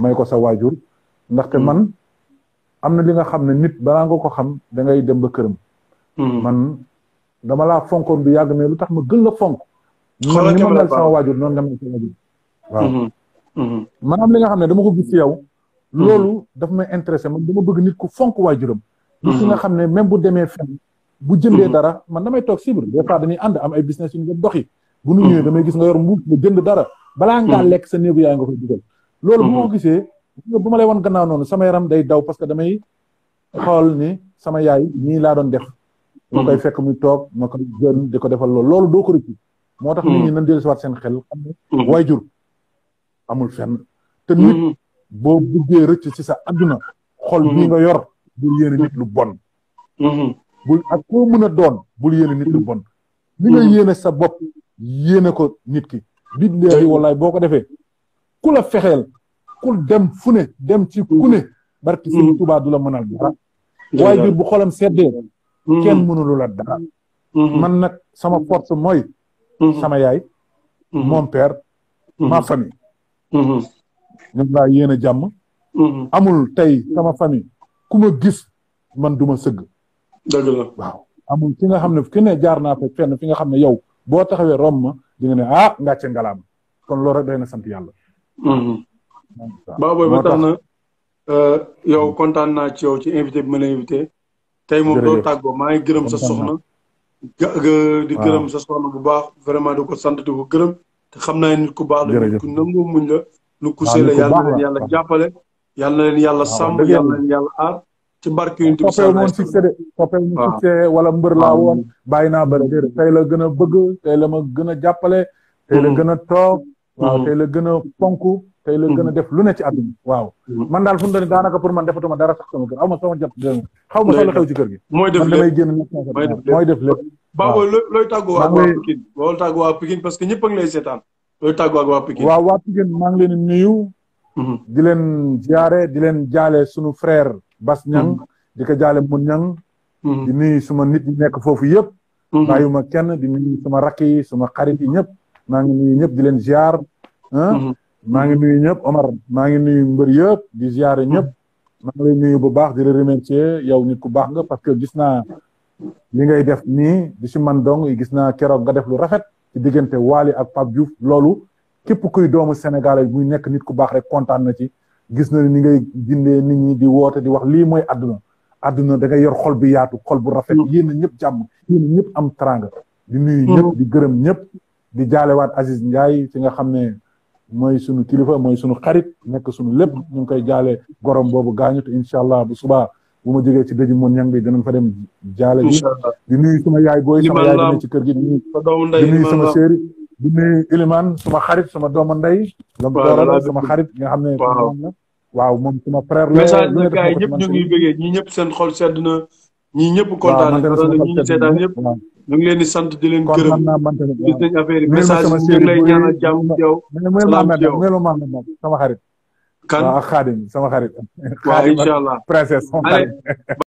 may ko sa waajur ndaxte hmm. man am na li nga xam ne nit balaa nga ko xam da ngay dem ba këram. Hmm. man dama laa fonkoon bu yàgg mais lu tax ma gën la fonk. man ni ma mel noonu nga mel sama waajur. Hmm. xam ne dama ko gis ci yow. loolu daf may intéressé man dama bëgg nit ku fonk waajuram. nit ki nga xam ne même bu demee fenn. bu jëndee dara man damay toog cibre des fois dañuy ànd am ay business yu ñu doxi bu nu ñëwee damay gis nga yor mbuus nga jënd dara. balaa ngaa lekk sa néegu yaay nga koy dugal. loolu bu ma ko gisee bu ma lay wan gannaaw noonu sama yaram day daw parce que damay xool ni sama yaay nii laa doon def ma koy fekk muy toog ma koy di ko defal loolu loolu doo ko rëccu moo tax nit ñi hmm. nan dellusiwaat seen xel xam ne hmm. waajur amul fenn te nit hmm. boo sa adduna xol bii nga yor bul yéene nit lu bon bul ak koo mën a doon bul yéene nit lu bon li nga yéene sa bopp yéene ko nit ki billaahi wallaay boo ko defee ku la fexeel ñàkkul dem fu ne dem ci ku ne barki sëñ mm-hmm. Tuubaa du la mënal dara mm-hmm. waaye biir bu xolam seddee mm-hmm. kenn mënulu la dara man nag sama force mooy sama yaay mon père ma famille ñoom laa yéen a jàmm amul tey sama famille ku ma gis man du ma sëgg dëgg amul ki nga xam ne ki ne jaar naa fenn fi nga xam ne yow boo taxawee rom ma di nga ne ah ngàcce ngalaam kon loolu rek day na sant yàlla Ba booy ba tax euh, yow kontaan naa ci yow ci invité bi ma la invité. tey moom doo tàggoo maa ngi gërëm sa soxna. Euh, di gërëm sa soxna bu baax vraiment di ko sant di ko gërëm. te xam naa nit ku baax la nit ku muñ la. lu ku see la yàlla na leen yàlla jàppale. yàlla yàlla sàmm yàlla na ci barke yu ñu soppeeku moom succès de soppeeku mu succès wala mbër laa woon. bàyyi naa bëri déedéet tey la gën a bëgg tey la ma gën a jàppale. tey la mm-hmm. gën a toog. waaw mm-hmm. tey la gën a fonk tey la gën a mhm. def lu ne ci àdduna waaw mhm. man daal fu mu doon daanaka pour man defatuma dara sax sama kër aw ma sama jot dé xaw ma sax la xew ci kër gi mooy def lépp damay génn mooy def lépp Babo looy tàggoo ak waa Pikine loolu tàggoo waa Pikine parce que ñëpp ngi lay seetaan looy tàggoo ak waa Pikine waaw waa Pikine maa ngi leen nuyu mhm. di leen ziare di leen jaale suñu frère Bas Ñang di ko jaale mun Ñang di nuyu suma nit ñi nekk foofu yëpp bàyyu ma kenn di suma rakk yi suma xarit yi ñëpp maa ñëpp di leen ziar maa ngi nuyu ñëpp Omar maa ngi nuyu mbër yëpp di ziare ñëpp. Hmm. maa ngi lay nuyu bu baax di la remercier yow nit ku baax nga parce que gis naa li ngay def nii di si man dong gis naa keroog nga def lu rafet ci diggante Waly ak Pape Diouf loolu képp kuy doomu Sénégal muy nekk nit ku baax rek kontaan na ci gis na ni ngay dindee nit ñi di woote di wax lii mooy àdduna àdduna da ngay yor xol bi yaatu xol bu rafet hmm. yéen a ñëpp jàmm yéen a ñëpp am teraanga di nuyu ñëpp hmm. di gërëm ñëpp di jaalewaat Aziz Ndiaye fi nga xam ne mooy sunu kilifa mooy sunu xarit nekk sunu lépp ñu ngi koy jaale gorom boobu gaañu te allah bu suba bu ma jegee ci dëj moon ñang bi dana fa dem jaale di nii suma yaay booy sama yaay bi ne ci kër gi di nuyu sama séeri di nuyu iliman suma xarit suma dooma ndey lam dooral suma xarit nga xam ne waaw moom suma frère la message na gars yi ñëpp ñu ngi bëggee ñi ñëpp seen xol sedd na ñi ñëpp kontaan na ñëpp ñu ngi leen di sant di leen gërëm gis nañ affaire yi message yi ñu ngi lay ñaanal jàmm yow. salaam yow mel ma sama xarit. kan waaw Xaadim sama xarit. waaw incha allah princesse